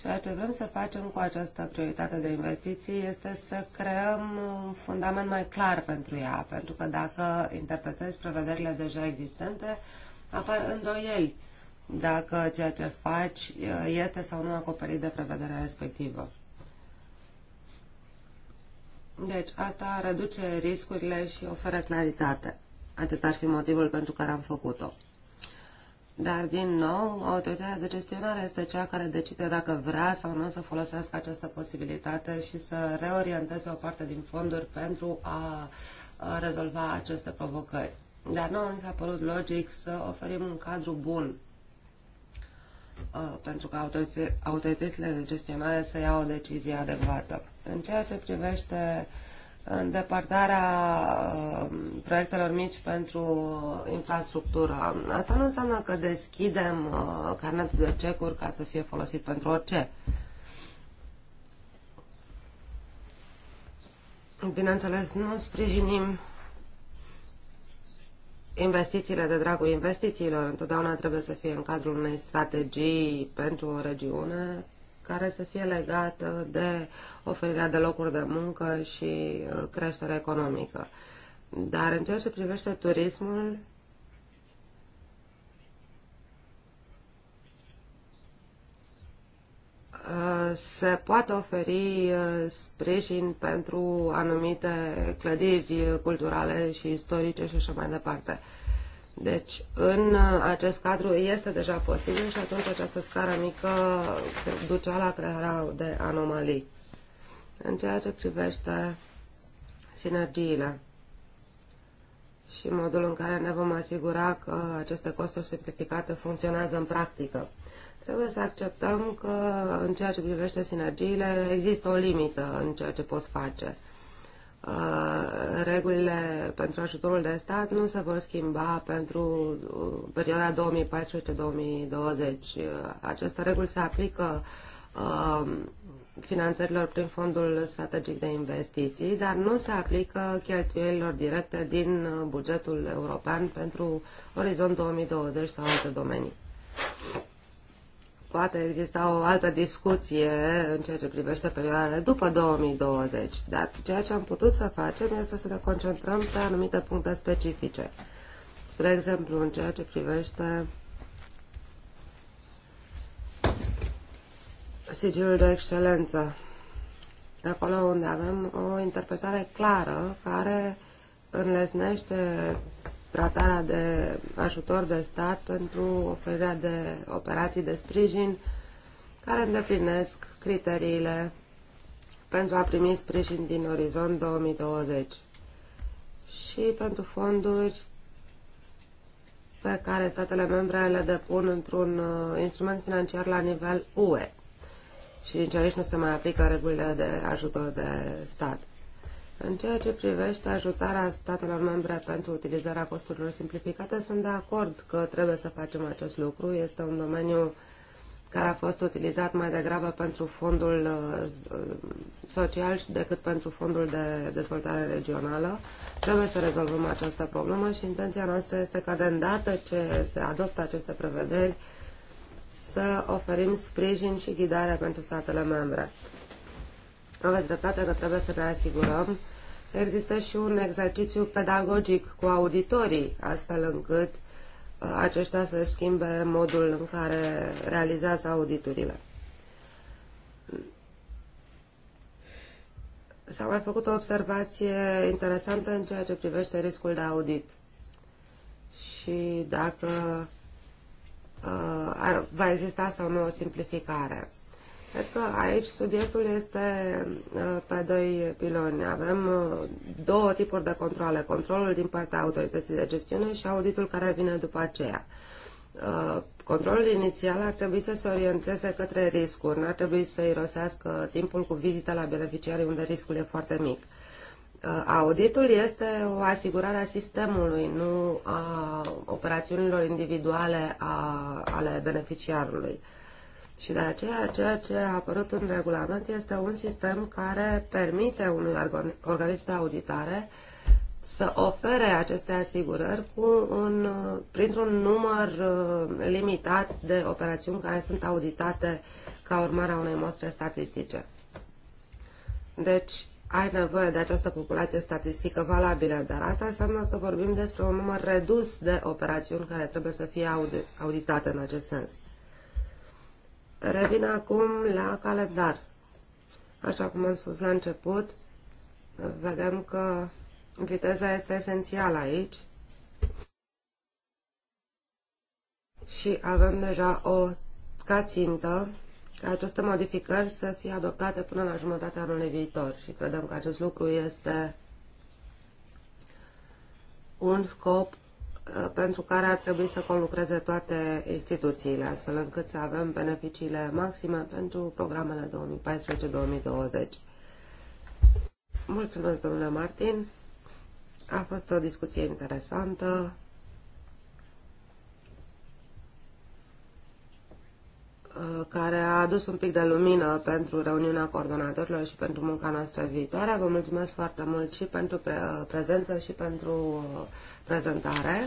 D: Ceea ce vrem să facem cu această prioritate de investiții este să creăm un fundament mai clar pentru ea, pentru că dacă interpretezi prevederile deja existente, apar îndoieli dacă ceea ce faci uh, este sau nu acoperit de prevederea respectivă. Deci, asta reduce riscurile și oferă claritate. Acesta ar fi motivul pentru care am făcut-o. Dar, din nou, autoritatea de gestionare este cea care decide dacă vrea sau nu să folosească această posibilitate și să reorienteze o parte din fonduri pentru a rezolva aceste provocări. Dar nouă mi s-a părut logic să oferim un cadru bun pentru ca autoritățile de gestionare să ia o decizie adecvată. În ceea ce privește uh, îndepărtarea uh, proiectelor mici pentru infrastructură. Asta nu înseamnă că deschidem uh, carnetul de cecuri ca să fie folosit pentru orice. Bineînțeles, nu sprijinim investițiile de dragul investițiilor. Întotdeauna trebuie să fie în cadrul unei strategii pentru o regiune care să fie legată de oferirea de locuri de muncă și uh, creșterea economică. Dar în ceea ce privește turismul, uh, se poate oferi uh, sprijin pentru anumite clădiri culturale și istorice și așa mai departe. Deci, în uh, acest cadru este deja posibil și atunci această scară mică ducea la crearea de anomalii. În ceea ce privește sinergiile și modul în care ne vom asigura că aceste costuri simplificate funcționează în practică. Trebuie să acceptăm că în ceea ce privește sinergiile există o limită în ceea ce poți face. Uh, regulile pentru ajutorul de stat nu se vor schimba pentru uh, perioada 2014-2020. Uh, aceste reguli se aplică finanțărilor prin Fondul Strategic de Investiții, dar nu se aplică cheltuielilor directe din bugetul european pentru orizont 2020 sau alte domenii poate exista o altă discuție în ceea ce privește perioadele după 2020, dar ceea ce am putut să facem este să ne concentrăm pe anumite puncte specifice. Spre exemplu, în ceea ce privește sigilul de excelență, acolo unde avem o interpretare clară care înlesnește tratarea de ajutor de stat pentru oferirea de operații de sprijin care îndeplinesc criteriile pentru a primi sprijin din orizont 2020 și pentru fonduri pe care statele membre le depun într-un uh, instrument financiar la nivel UE. Și nici aici nu se mai aplică regulile de ajutor de stat. În ceea ce privește ajutarea statelor membre pentru utilizarea costurilor simplificate, sunt de acord că trebuie să facem acest lucru. Este un domeniu care a fost utilizat mai degrabă pentru fondul uh, social decât pentru fondul de dezvoltare regională. Trebuie să rezolvăm această problemă și intenția noastră este ca de îndată ce se adoptă aceste prevederi să oferim sprijin și ghidare pentru statele membre. Aveți dreptate că trebuie să ne asigurăm. Există și un exercițiu pedagogic cu auditorii, astfel încât uh, aceștia să-și schimbe modul în care realizează auditurile. S-a mai făcut o observație interesantă în ceea ce privește riscul de audit. Și dacă uh, va exista sau nu o simplificare. Cred că aici subiectul este uh, pe doi piloni. Avem uh, două tipuri de controle. Controlul din partea autorității de gestiune și auditul care vine după aceea. Uh, controlul inițial ar trebui să se orienteze către riscuri, n-ar trebui să irosească timpul cu vizita la beneficiarii unde riscul e foarte mic. Auditul este o asigurare a sistemului, nu a operațiunilor individuale a, ale beneficiarului. Uh, și de aceea, ceea ce a apărut în regulament este un sistem care permite unui organism de auditare să ofere aceste asigurări cu un, printr-un număr uh, limitat de operațiuni care sunt auditate ca urmare a unei mostre statistice. Deci, ai nevoie de această populație statistică valabilă, dar asta înseamnă că vorbim despre un număr redus de operațiuni care trebuie să fie audit, auditate în acest sens. Revin acum la calendar. Așa cum am spus la început, vedem că viteza este esențială aici și avem deja o cațintă ca aceste modificări să fie adoptate până la jumătatea anului viitor și credem că acest lucru este un scop Uh, pentru care ar trebui să conlucreze toate instituțiile, astfel încât să avem beneficiile maxime pentru programele 2014-2020. Mulțumesc, domnule Martin. A fost o discuție interesantă. Uh, care a adus un pic de lumină pentru reuniunea coordonatorilor și pentru munca noastră viitoare. Vă mulțumesc foarte mult și pentru pre uh, prezență și pentru prezentare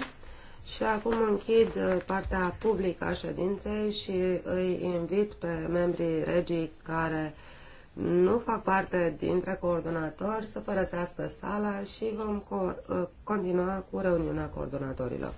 D: și acum închid uh, partea publică a ședinței și îi invit pe membrii regii care nu fac parte dintre coordonatori să părăsească sala și vom co uh, continua cu reuniunea coordonatorilor.